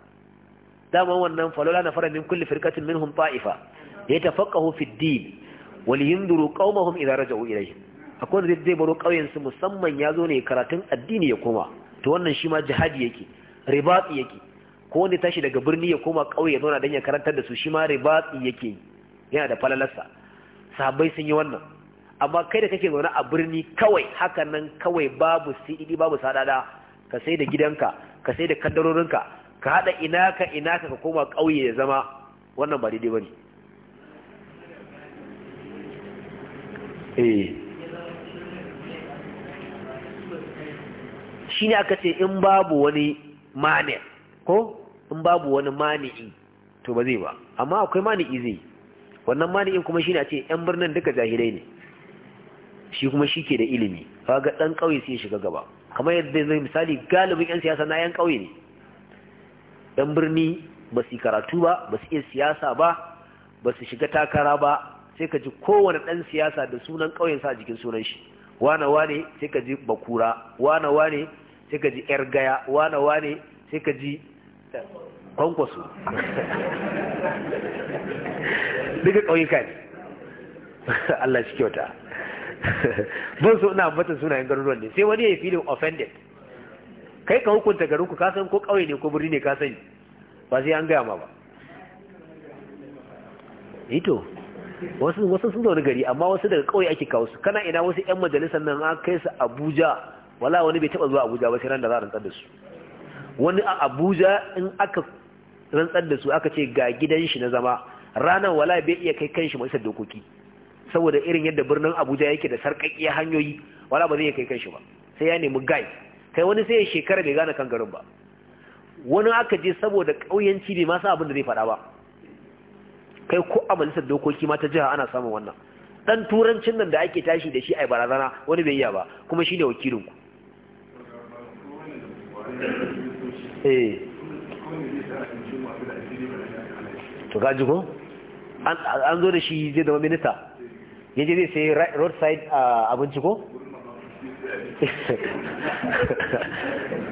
daman wannan falola na fara min kulli firkatin minhum ta'ifa ya tafaqahu fi ddin wal yunduru qaumahum idza raja'u ilayhi akon zai zai baro kauyen su musamman ya zo ne karatun addini ya koma to wannan shi ma jihadi yake ribati yake ko wanda tashi daga birni ya koma kauye ya zauna dan ya karantar da su shi ma ribati yake yana da falalarsa sahabbai sun yi wannan amma kai da kake zaune a birni kawai hakan nan kawai babu sididi e babu sadada ka sai da gidanka ka sai da kaddarorinka ka haɗa ina ka ina ka ka koma ƙauye ya zama wannan ba daidai ba ne eh. shi ne aka ce in babu wani mani ko in babu wani mani'i to ba zai ba amma akwai mani'i zai wannan mani'in kuma shi ne a ce 'yan birnin duka jahilai ne shi kuma shi ke da ilimi ga ɗan ƙauye sai shiga gaba kamar yadda zai misali galibin 'yan siyasa na 'yan ƙauye ne Ɗan birni ba su karatu ba ba su iya siyasa ba ba su shiga takara ba sai ka ji kowane ɗan siyasa da sunan ƙauyensa a jikin sunan shi wane wane sai ka ji bakura wane wane sai ka ji yar gaya wane wane sai ka ji kwankwaso <laughs> duka ƙauyuka ne <laughs> Allah shi kyauta <laughs> ban so ina suna sunayen garuruwan ne sai wani ya yi filin offended kai ka hukunta garin ku kasan ko kauye ne ko birni ne ka sani ba sai an gaya ma ba ito eh wasu wasu sun zaune gari amma wasu daga kauye ake kawo su kana ina wasu yan majalisar nan an kai su Abuja wala wani bai taba zuwa Abuja ba sai ran da za a rantsar da su wani a Abuja in aka rantsar da su aka ce ga gidan shi na zama ranar wala bai iya kai kanshi majalisar dokoki saboda irin yadda birnin Abuja yake da sarƙaƙƙiyar hanyoyi wala ba zai iya kai kanshi ba sai ya nemi guide kai wani sai ya shekara bai gane kan garin ba wani aka je saboda ƙauyanci bai ma sa abin da zai faɗa ba kai ko a majalisar dokoki ma ta jiha ana samun wannan dan turancin nan da ake tashi da shi a barazana wani bai yi ba kuma shi ne wakilinku ku. Eh. to gaji ko an zo da shi zai zama minista yaje zai sai roadside ah, abinci ko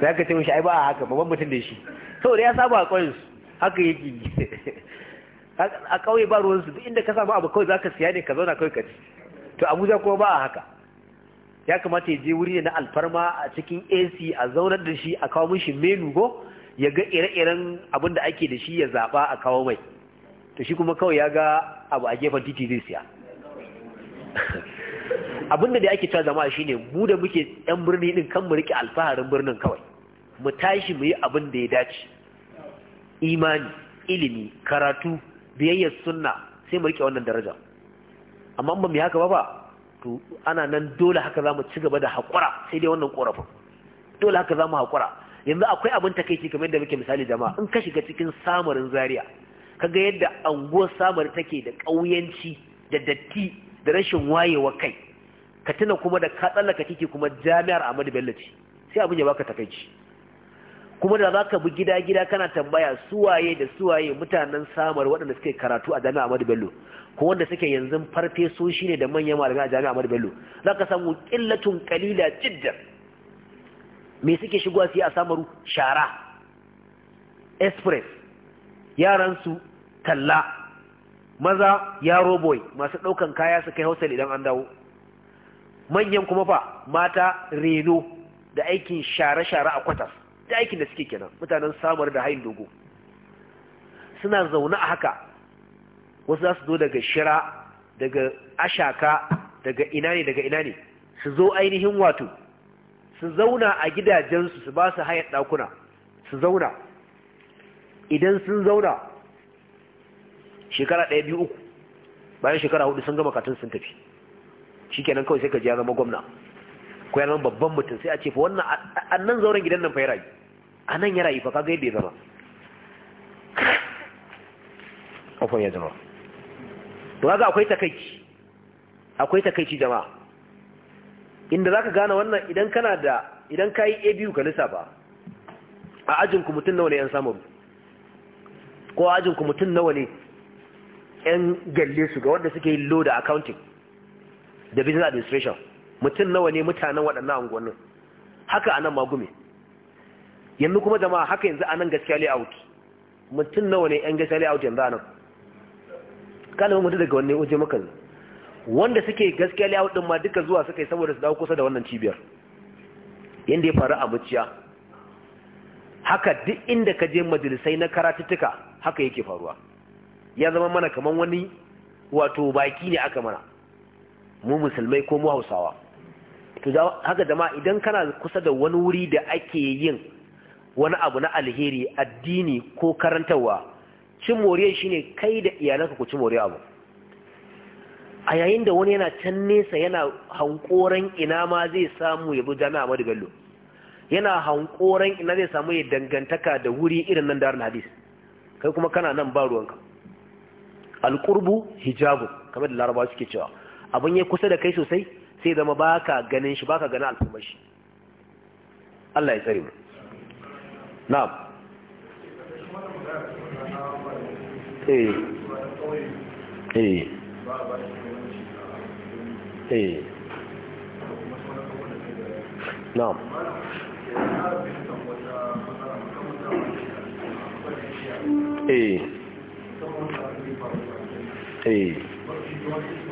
za ka ce mashi ai ba a haka babban mutum da shi saboda ya saba a ƙauyensu haka yake yi a ƙauye ba ruwansu duk inda ka samu abu kawai za ka siya ne ka zauna kawai ka ci to abuja kuma ba a haka ya kamata ya je wuri na alfarma a cikin ac a zaunar da shi a kawo mishi menu go ya ga ire-iren abin da ake da shi ya zaba a kawo mai to shi kuma kawai ya ga abu a gefen titi zai siya Abin da ake cewa jama'a shine mu da muke yan birni din kan mu rike alfaharin birnin kawai mu tashi mu yi abin da ya dace imani ilimi karatu biyayyar sunna sai mu rike wannan daraja amma ba mu haka ba ba to ana nan dole haka za mu ci gaba da haƙura sai dai wannan ƙorafin dole haka za mu haƙura yanzu akwai abin takaici kamar yadda muke misali jama'a in ka shiga cikin samarin zaria kaga yadda anguwar samar take da ƙauyanci da datti da rashin wayewa kai ka tuna kuma da ka tsallaka kike kuma jami'ar Amadu Bello ce sai abin ya baka takaici kuma da zaka bi gida gida kana tambaya suwaye da suwaye mutanen samar waɗanda suke karatu a jami'ar Ahmadu Bello ko wanda suke yanzu farfesoshi ne da manyan malamai a jami'ar Ahmadu Bello zaka samu qillatun qalila jidda me suke shigowa su yi a samaru shara express yaran su talla maza yaro boy masu ɗaukan kaya su kai Hausa idan an dawo manyan kuma fa mata reno da aikin share-share a kwatas da aikin da suke kenan mutanen samar da hain dogo suna zaune a haka wasu za su zo daga shira daga ashaka daga ina ne daga ina ne su zo ainihin wato su zauna a gidajensu su ba su hayar ɗakuna su zauna idan sun zauna shekara ɗaya biyu uku bayan shekara hudu sun gama katun sun tafi shikenan kawai sai ka ji ya zama gwamna ko ya zama babban mutum sai a ce fa wannan annan zauren gidan nan fa ya rayu nan ya rayu fa kaga yadda ya zama afon <laughs> ya zama to kaga akwai takaici akwai takaici jama'a inda zaka gane wannan idan kana da idan kai A2 ka lissafa a ajin ku mutun nawa ne yan samu ko a ajin ku mutun nawa ne yan galle su ga wanda suke yin loda accounting da business administration mutum nawa ne mutanen waɗannan unguwannin haka a nan magumi yanzu kuma jama'a haka yanzu a nan gaskiya layout mutum nawa ne yan gaskiya layout yanzu a nan kalin mutu daga wani waje maka wanda suke gaskiya layout din ma duka zuwa suka yi saboda su dawo kusa da wannan cibiyar yanda ya faru a muciya haka duk inda ka je majalisai na karatuttuka haka yake faruwa ya zama mana kamar wani wato baki ne aka mana mu musulmai ko mu hausawa to haka jama'a idan kana kusa da wani wuri da ake yin wani abu na alheri addini ko karantarwa cin moriyar shine kai da iyalanka ku ci moriyar abu a yayin da wani yana can nesa yana hankoran ina ma zai samu ya bi jami'a Bello yana hankoran ina zai samu ya dangantaka da wuri irin nan darul hadis kai kuma kana nan ba ruwanka alqurbu hijabu kamar da laraba suke cewa abin ya kusa da kai sosai sai zama ka ganin shi baka ganin al'ummar shi Allah ya tsare mu na'am eh eh eh na'am eh eh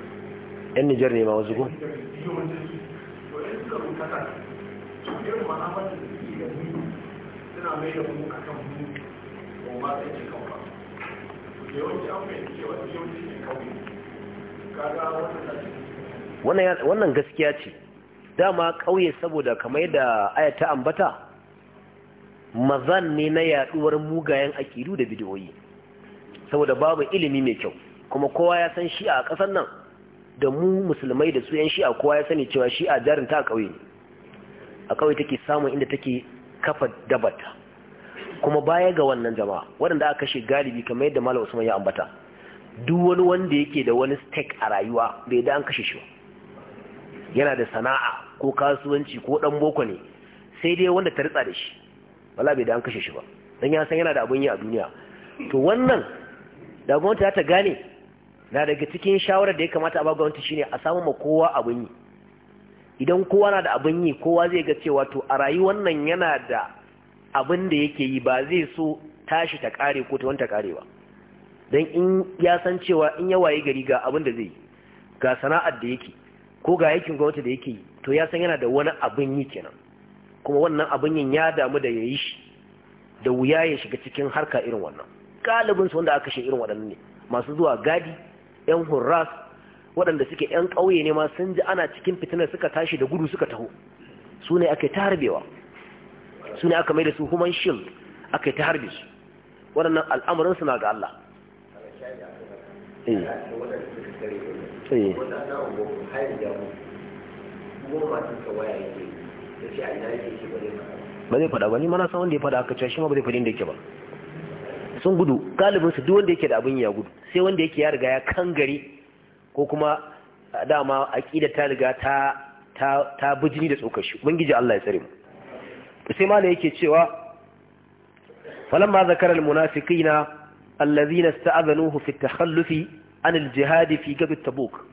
yan nijar ne ma wasu ko wannan gaskiya ce dama kauye saboda kamar da aya ta ambata mazan ne na yaduwar mugayen akidu da bidiyoyi saboda babu ilimi mai kyau kuma kowa ya san shi a ƙasar nan da mu musulmai da su yan shi'a kowa ya sani cewa shi'a jarin ta a ƙauye ne a ƙauye take samun inda take kafa dabata kuma baya ga wannan jama'a waɗanda aka kashe galibi kamar yadda malam usman ya ambata duk wani wanda yake da wani stake a rayuwa bai da an kashe shi yana da sana'a ko kasuwanci ko dan boko ne sai dai wanda ta ritsa da shi wala bai da an kashe shi ba dan ya san yana da abun yi a duniya to wannan da gwamnati ta gane na daga cikin shawarar da ya kamata a baga ta shine a samu ma kowa abun yi idan kowa na da abun yi kowa zai ga cewa to a rayuwar nan yana da abin da yake yi ba zai so tashi ta kare ko ta wanta karewa dan in ya san cewa in ya waye gari ga abin da zai yi ga sana'ar da yake ko ga aikin gwamnati da yake yi to ya san yana da wani abun yi kenan kuma wannan abun yin ya damu da yayi shi da wuya ya shiga cikin harka irin wannan su wanda aka shi irin waɗannan ne masu zuwa gadi yan hurras waɗanda suke yan ƙauye ne ma sun ji ana cikin fitinar suka tashi da gudu suka taho su ne ake ta harbewa su ne aka mai da su human shield aka ta harbe su waɗannan al'amuran suna ga Allah eh. Eh. ba zai fada ba ni mana san wanda ya fada aka cewa shi ma ba zai fadin da yake ba sun gudu galibin su duk wanda yake da abin ya gudu sai wanda yake ya riga ya kangare ko kuma dama aqida ta riga ta ta ta bijini da tsokar shi ubangiji Allah ya tsare mu to sai malai yake cewa falamma zakara almunafiqina alladhina ista'adhanuhu fi at-takhallufi an al-jihad fi gab tabuk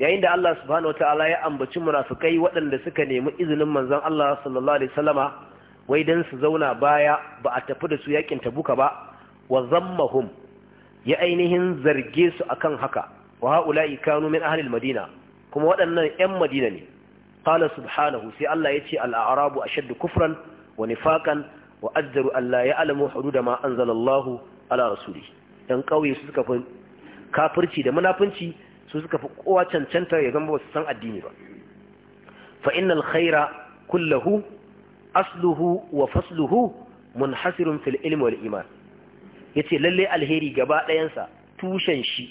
yayin da Allah subhanahu wataala ya ambaci munafikai waɗanda suka nemi izinin manzon Allah sallallahu alaihi wasallama wai dan su zauna baya ba a tafi da su yakin tabuka ba wa zammahum ya ainihin zarge su akan haka wa haula'i kanu min ahli madina kuma waɗannan 'yan madina ne qala subhanahu sai Allah ya al alarabu ashaddu kufran wa nifaqan wa ajdaru an la ya'lamu hudud ma anzala ala rasulih dan kauye su suka fi kafirci da munafunci su suka fi kowa cancanta ya zama su san addini ba fa innal khaira kullahu asluhu wa fasluhu munhasirun fil ilmi wal iman ya ce lalle alheri gaba ɗayansa tushen shi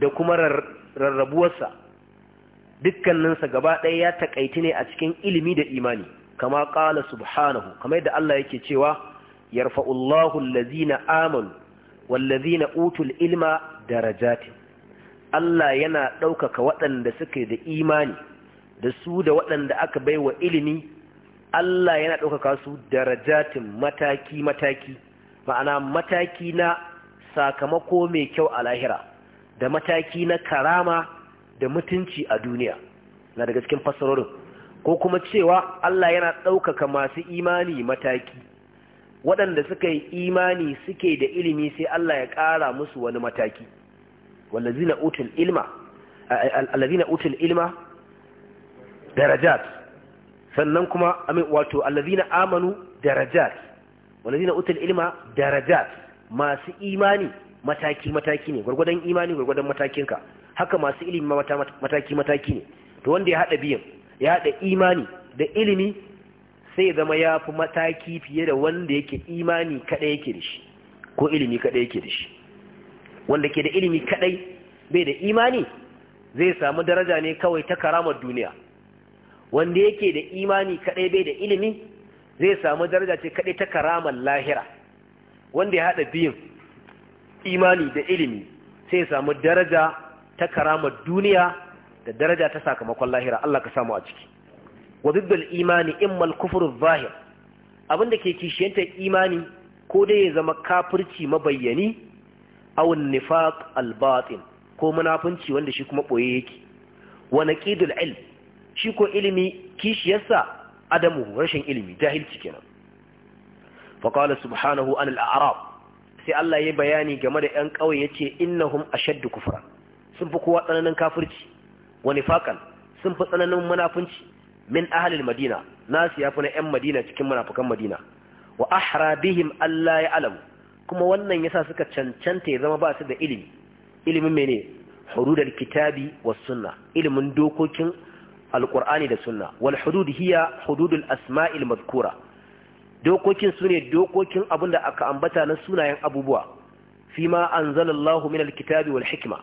da kuma rarrabuwarsa dukkaninsa gaba ɗaya ya taƙaiti ne a cikin ilimi da imani kama ƙala subhanahu Kamar yadda Allah yake cewa yarfa'ullahu allazina amanu wallazina utul ilma darajatin Allah yana ɗaukaka waɗanda suke da imani da su da waɗanda aka baiwa ilimi Allah yana ɗaukaka su darajatin mataki-mataki ma'ana mataki na sakamako mai kyau a lahira da mataki na karama da mutunci a duniya na daga cikin fassarorin ko kuma cewa Allah yana ɗaukaka masu imani mataki waɗanda suka yi imani suke da ilimi sai Allah ya ƙara musu wani mataki wallazina utul ilma darajat sannan kuma wato allazina amanu darajat walazina utul ilma darajat masu imani mataki mataki ne gwargwadon imani gwargwadon matakinka haka masu ilimi mataki mataki ne to wanda ya hada biyan ya hada imani da ilimi sai zama ya fi mataki fiye da wanda yake imani kadai yake da shi ko ilimi kadai yake da shi wanda ke da ilimi kadai bai da imani zai samu daraja ne kawai ta karamar duniya wanda yake da imani kadai bai da ilimi zai samu daraja ce kaɗai ta karamar lahira wanda ya haɗa biyun imani da ilimi sai ya samu daraja ta karamar duniya da daraja ta sakamakon lahira Allah ka samu a ciki wa bibbal imani immal kufru zahir abinda ke kishiyanta imani ko dai ya zama kafirci mabayyani aw nifaq al batin ko munafunci wanda shi kuma boye yake wa naqidul ilm shi ko ilimi kishiyarsa adamu rashin ilimi jahilci kenan fa qala subhanahu an al-a'rab sai Allah ya bayani game da ƴan ƙauye yace innahum ashaddu kufra sun fi kowa tsananin kafirci wa nifaqan sun fi tsananin munafunci min ahli al-madina nasu yafi na ƴan madina cikin munafikan madina wa ahra bihim alla ya'lamu kuma wannan yasa suka cancanta ya zama ba su da ilimi ilimin mene hurudar kitabi was sunna ilimin dokokin Alƙur'ani da sunna wal hudud hiya hududul asma'il madhkura dokokin sune dokokin abunda aka ambata na sunayen abubuwa an anzalallahu minal kitabi wal hikima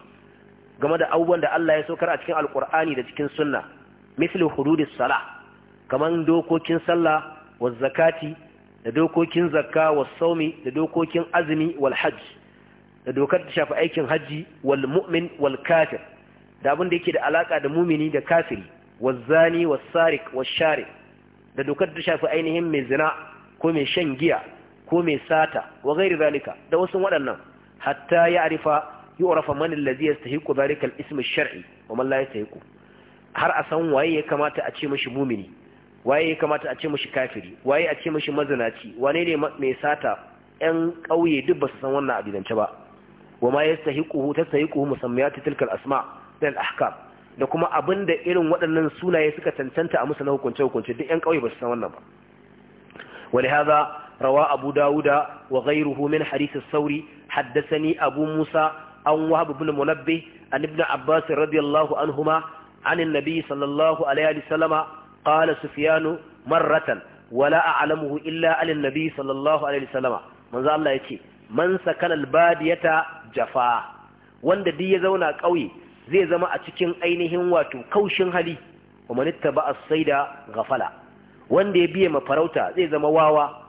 game da abubuwan da Allah ya saukar a cikin Alƙur'ani da cikin sunna mislu hududis salah kamar dokokin sallah wa zakati da dokokin zakka wa saumi da dokokin azumi wal hajj da dokar da shafi aikin hajji wal mu'min wal kafir da abin da yake da alaka da mumini da kafiri والزاني والسارق والشارع da dokar da shafi ainihin mai zina ko mai shan giya ko mai sata wa gairi zalika da wasu waɗannan hatta ya arifa yi orafa manin lazi ya stahiku zalikal ismi shar'i wa har a san waye ya kamata a ce mashi mumini waye ya kamata a ce mashi kafiri waye a ce mashi mazinaci wane ne mai sata yan ƙauye duk ba su san wannan abidance ba wa ma yastahiku tastahiku musammiyat asma' da al-ahkam da kuma abin da irin waɗannan sunaye suka cancanta a musu na hukunce-hukunce duk 'yan ƙauye ba su san wannan ba wani haza rawa abu dawuda wa gairu min harisa sauri ni abu musa an wahab ibn munabbi an ibn abbas radiyallahu anhuma an annabi sallallahu alaihi wa sallama qala sufyanu marratan wala a a'lamuhu illa an annabi sallallahu alaihi wa sallama manzo Allah yace man sakana albadiyata jafa wanda duk ya zauna ƙauye zai zama a cikin ainihin wato kaushin hali wa manitta ba a saida gafala wanda ya biya mafarauta zai zama wawa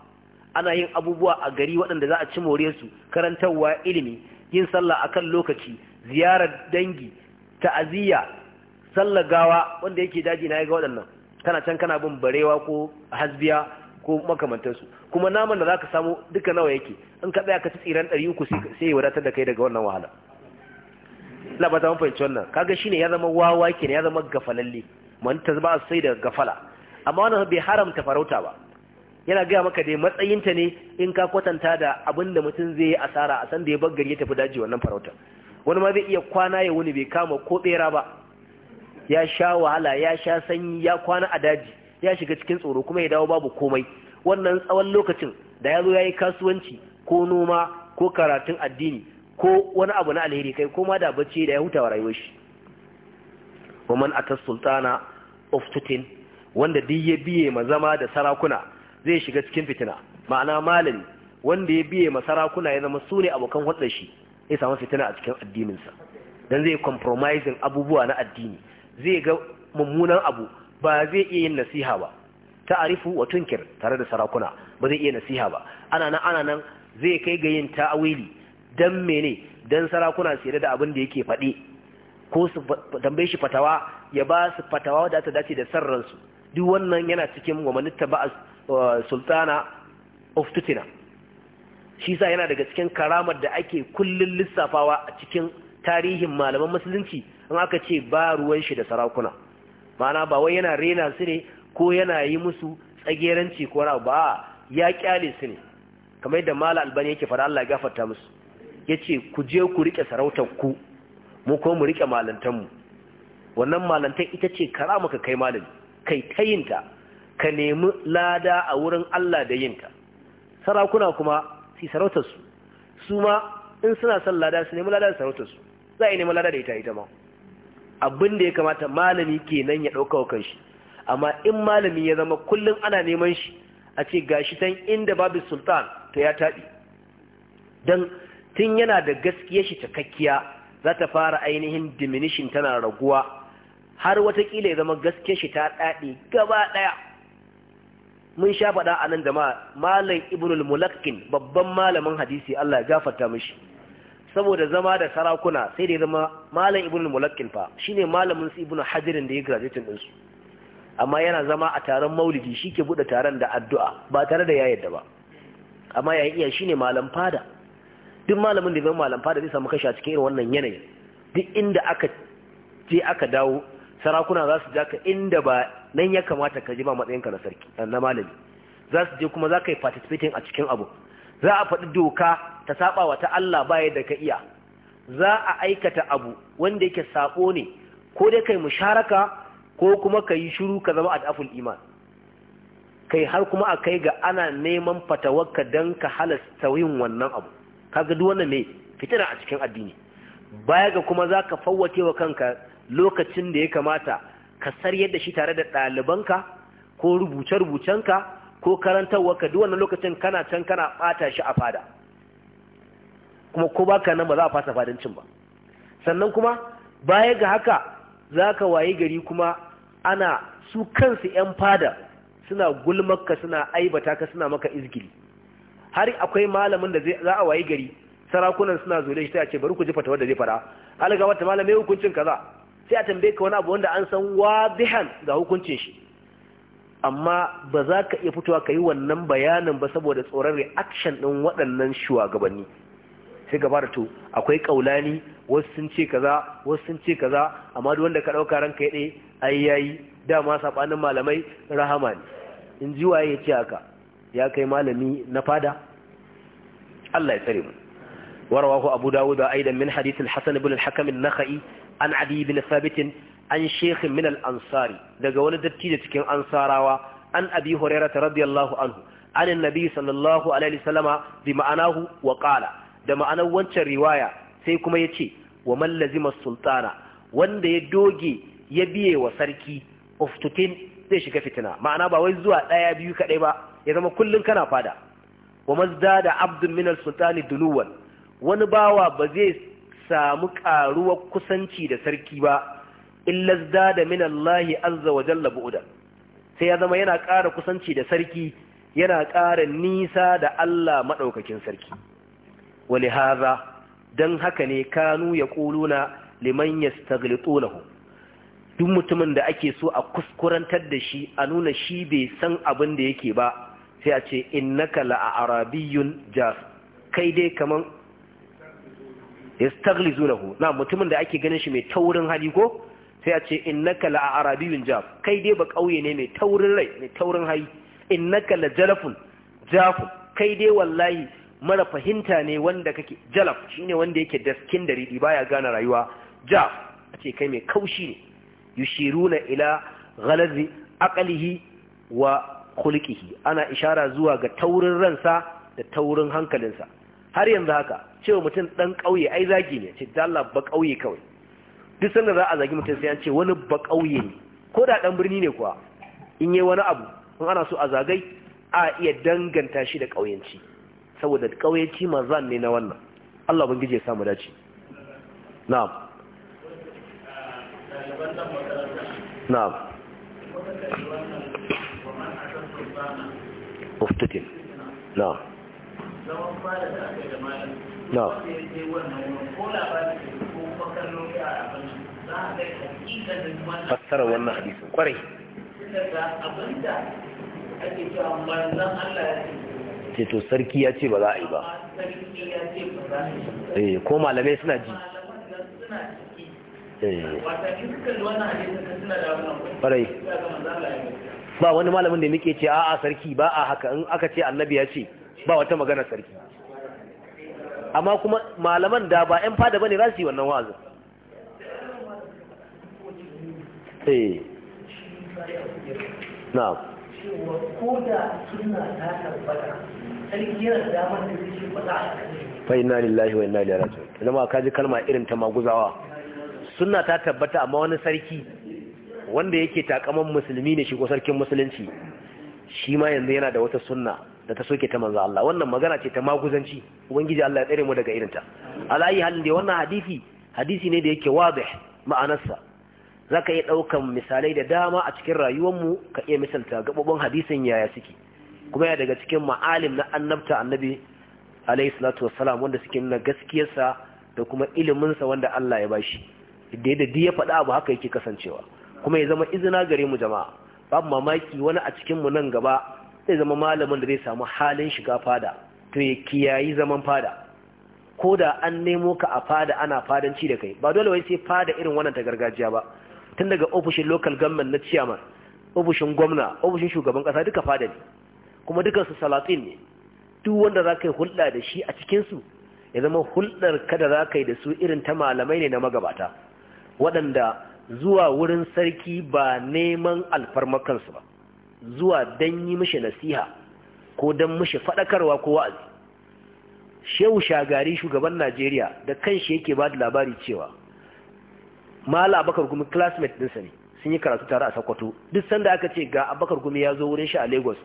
ana yin abubuwa a gari waɗanda za a ci more su karantarwa ilimi yin sallah a kan lokaci ziyarar dangi ta'aziyya sallar gawa wanda yake daji na ga waɗannan kana can kana bin barewa ko hasbiya ko makamantansu kuma naman da zaka samu duka nawa yake in ka tsaya ka ci tsiran 300 sai ya wadatar da kai daga wannan wahala ina ba ta mun fahimci wannan kaga shine ya zama wawa kenan ya zama gafalalle man ta ba sai da gafala amma wannan bai haramta farauta ba yana gaya maka dai matsayinta ne in ka kwatanta da abin da mutum zai yi asara a san da ya gari ya tafi daji wannan farauta wani ma zai iya kwana ya wuni bai kama ko bera ba ya sha wahala ya sha sanyi ya kwana a daji ya shiga cikin tsoro kuma ya dawo babu komai wannan tsawon lokacin da ya zo ya yi kasuwanci ko noma ko karatun addini ko wani abu na alheri kai ko ma da bacci da ya huta wa rayuwar shi waman atas sultana oftutin wanda duk ya biye ma zama da sarakuna zai shiga cikin fitina ma'ana malami wanda ya biye ma sarakuna ya zama sune abokan hulɗar shi zai samu fitina a cikin addininsa dan zai compromising abubuwa na addini zai ga mummunan abu ba zai iya yin nasiha ba ta'arifu wa tunkir tare da sarakuna ba zai iya nasiha ba ana nan ana nan zai kai ga yin ta'awili dan mene dan sarakuna su da abin da yake faɗi ko su tambaye shi fatawa ya ba su fatawa da ta dace da su duk wannan yana cikin wamanitta ba sultana of tutina shi sa yana daga cikin karamar da ake kullun lissafawa a cikin tarihin malaman musulunci in aka ce ba ruwan shi da sarakuna ma'ana ba wai yana rena su ne ko yana yi musu tsageranci ko ba ya kyale su ne kamar yadda mala albani yake fara Allah ya gafarta musu Ya ce ku je ku riƙe sarautar ku mu ko mu riƙe malantanmu mu wannan malantan ita ce karama ka kai malami kai yinta, ka nemi lada a wurin Allah da yinta sarakuna kuma su sarautar su su ma in suna son lada su nemi lada da sarautar su za a yi nemi lada da ita ita ma abin da ya kamata malami kenan ya ɗauka wa kanshi amma in malami ya zama kullum ana neman shi a ce gashi ta inda babu sultan to ya taɓi don tun yana da gaskiya shi cikakkiya za ta fara ainihin diminishin tana raguwa har watakila ya zama gaskiya shi ta daɗe gaba ɗaya mun sha faɗa a nan jama'a malam ibnul mulakkin babban malamin hadisi Allah ya gafarta mishi saboda zama da sarakuna sai da ya zama malam ibnul mulakkin fa shine malamin su ibnu hajirin da ya graduate din su amma yana zama a taron maulidi shike buɗe taron da addu'a ba tare da ya yadda ba amma ya iya shine malam fada duk malamin da zai malam fada zai samu kashi a cikin irin wannan yanayi duk inda aka je aka dawo sarakuna za su ja ka inda ba nan ya kamata ka je ba matsayinka na sarki eh, na malami za su je kuma za ka yi participating a cikin abu za a faɗi doka ta saba wa ta Allah baya da ka iya za a aikata abu wanda yake sabo ne ko dai kai musharaka ko kuma ka yi shuru ka zama adaful iman kai har kuma a kai ga ana neman fatawarka dan ka halasta yin wannan abu kaga duk wannan ne fitina a cikin addini baya ga kuma za ka fawwace wa kanka lokacin da ya kamata ka sarye da shi tare da ɗalibanka ko rubuce-rubucenka ko karantarwarka duk wannan lokacin kana can kana ɓata shi a fada kuma ko baka nan ba za a fasa fadancin ba sannan kuma baya ga haka za ka waye gari kuma ana su kansu 'yan fada suna gulmarka suna aibata ka suna maka izgili har akwai malamin da za a wayi gari sarakunan suna zole shi ta ce bari ku ji fatawar da zai fara alga wata malamai hukuncin kaza sai a tambaye ka wani abu wanda an san wadihan ga hukuncin shi amma ba za ka iya fitowa ka yi wannan bayanin ba saboda tsoron reaction ɗin waɗannan shugabanni sai gaba da to akwai kaulani wasu sun ce kaza wasu sun ce kaza amma duk wanda ka dauka ranka ya dai ai yayi dama sabanin malamai rahama ne in ji waye ya ce haka ya kai malami na fada Allah ya tsare mu abu dawud aidan min hadith al-hasan ibn al-hakim an-nakhai an adi ibn thabit an shaykh min ansari daga wani datti da cikin ansarawa an abi hurairah radiyallahu anhu an nabiyu sallallahu alaihi wasallama bi ma'anahu wa da ma'anar wancan riwaya sai kuma ya ce wa man lazima sultana wanda ya doge ya biye wa sarki uftutin zai shiga fitina ma'ana ba wai zuwa daya biyu kadai ba ya zama kullum kana fada wa da abdun min sultani duluwan wani bawa ba zai samu karuwar kusanci da sarki ba illa da min lahi azza wa jalla bu'da sai ya zama yana ƙara kusanci da sarki yana ƙara nisa da Allah madaukakin sarki Wani haza don haka ne kanu ya ƙuluna liman yastaghlitunahu duk mutumin da ake so a kuskurantar da shi a nuna shi bai san abin da yake ba sai a ce innaka la'arabiyyun jar kai dai kaman yastaghlizunahu na mutumin da ake ganin shi mai taurin hali ko sai a ce innaka la'arabiyyun jar kai dai ba kauye ne mai taurin rai mai taurin hali innaka la jalafun jafun kai dai wallahi mara fahimta ne wanda kake jalaf shine wanda yake daskin da ridi baya gane rayuwa jaf a ce kai mai kaushi ne yushiruna ila ghalazi aqlihi wa khulqihi ana ishara zuwa ga taurin ransa da taurin hankalinsa har yanzu haka cewa mutum dan kauye ai zagi ne ce Allah ba kauye kawai duk sanda za a zagi mutum sai an ce wani ba kauye ne ko da dan birni ne kuwa in yi wani abu in ana so a zagai a iya danganta shi da kauyenci saboda kauyenci mazan ne na wannan Allah ubangiji ya samu dace na'am na'am muftutin na na fassara wannan kwarai ce sarki ya ce ba za a yi ba eh ko malamai suna ji eh ba wani malamin da muke ce a'a sarki ba a haka in aka ce annabi ya ce ba wata magana sarki amma kuma malaman da ba 'yan fada bane za su yi wannan wa'azin eh na'am ko da ta tabbata sarki yana damar da zai faɗa a kan fa inna lillahi wa ina ilaihi raji'un idan ma ka ji kalma irin ta maguzawa suna ta tabbata amma wani sarki wanda yake takaman musulmi ne shi ko sarkin musulunci shi ma yanzu yana da wata sunna da ta soke ta manzo Allah wannan magana ce ta maguzanci ubangiji Allah ya tsare mu daga irinta alayi halin da wannan hadisi hadisi ne da yake wadih ma'anarsa zaka iya daukan misalai da dama a cikin rayuwar mu ka iya misalta gabobin hadisin yaya suke kuma ya daga cikin ma'alim na annabta annabi alayhi salatu wassalam wanda suke gaskiyar gaskiyarsa da kuma iliminsa wanda Allah ya bashi da yadda ya faɗa abu haka yake kasancewa kuma ya zama izina gare mu jama'a babu mamaki wani a cikin mu nan gaba zai zama malamin da zai samu halin shiga fada to ya kiyayi zaman fada ko da an nemo ka a fada ana fadanci da kai ba dole wai sai fada irin wannan ta gargajiya ba tun daga ofishin local government na chairman ofishin gwamna ofishin shugaban kasa duka fada ne kuma dukansu salatin ne duk wanda za ka yi hulɗa da shi a cikinsu ya zama hulɗar kada za ka yi da su irin ta malamai ne na magabata waɗanda zuwa wurin sarki ba neman alfarmakansu ba zuwa don yi mishi nasiha ko don mishi faɗakarwa ko wa'azi shehu shagari shugaban najeriya da kanshi yake ba da labari cewa mala abakar gumi classmate ɗinsa ne sun yi karatu tare a sakwato duk sanda aka ce ga abakar gumi ya zo wurin shi a lagos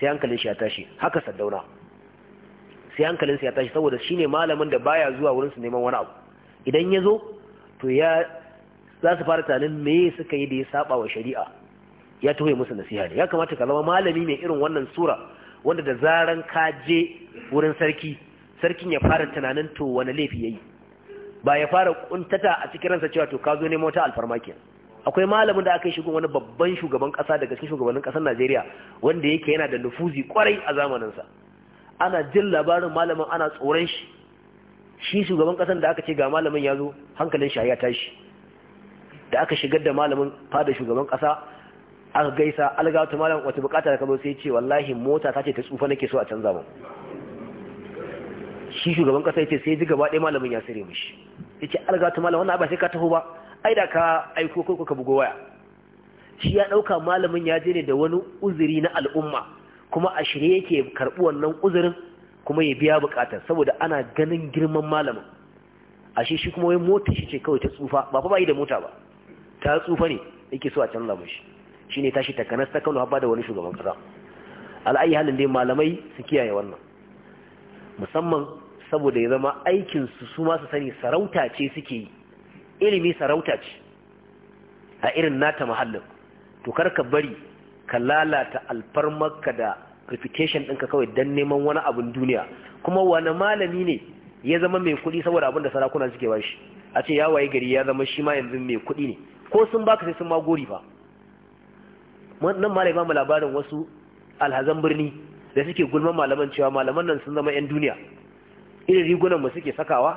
sai hankalin shi ya tashi haka saddauna sai hankalin shi ya tashi saboda shine malamin da baya zuwa wurin su neman wani abu idan ya zo to ya za su fara tunanin me suka yi da ya saba wa shari'a ya tuhe musu nasiha ne ya kamata ka zama malami mai irin wannan sura wanda da zaran ka je wurin sarki sarkin ya fara tunanin to wani laifi yayi ba ya fara kuntata a cikin ransa cewa to ka zo nemo ta alfarma akwai malamin da aka yi shigun wani babban shugaban kasa daga cikin shugabannin kasar Najeriya wanda yake yana da nufuzi kwarai a zamaninsa ana jin labarin malamin ana tsoron shi shi shugaban kasar da aka ce ga malamin ya zo hankalin shi ya tashi da aka shigar da malamin fada shugaban kasa aka gaisa algawata malamin wata bukata da kamar sai ce wallahi mota ta ce ta tsufa nake so a canza mu shi shugaban kasa yace sai ji baɗe malamin ya sire mishi yace ce wata malamin wannan ba sai ka taho ba ai da ka aiko ko ka bugo waya shi ya dauka malamin ya je ne da wani uzuri na al'umma kuma a shirye yake karbi wannan uzurin kuma ya biya bukatar saboda ana ganin girman malamin ashe shi kuma wai mota shi ce kawai ta tsufa ba fa ba yi da mota ba ta tsufa ne yake so a canza mashi Shi ne tashi takanas ta Kano haɓa da wani shugaban kasa al'ayi halin dai malamai su kiyaye wannan musamman saboda ya zama aikin su su sani sarauta ce suke yi ilimi sarauta ce a irin nata mahallin to ka bari ka lalata alfarmarka da reputation ɗinka kawai don neman wani abin duniya kuma wani malami ne ya zama mai kuɗi saboda abin da sarakuna suke bashi a ce ya waye gari ya zama shi ma yanzu mai kuɗi ne ko sun baka sai sun ma gori fa nan malai ba mu labarin wasu alhazan birni da suke gulman malaman cewa malaman nan sun zama 'yan duniya irin rigunan mu suke sakawa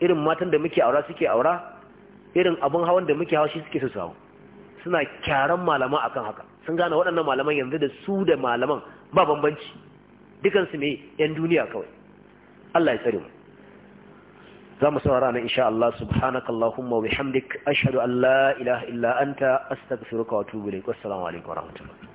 irin matan da muke aura suke aura irin abin hawan da muke hawa shi suke su suna kyaran malama akan haka sun gane waɗannan malaman yanzu da su da malaman ba bambanci dukansu mai 'yan duniya kawai Allah ya tsare mu za mu saurara nan insha Allah subhanaka Allahumma wa bihamdik ashhadu an la ilaha illa anta astaghfiruka wa atubu ilaik wassalamu alaikum wa rahmatullahi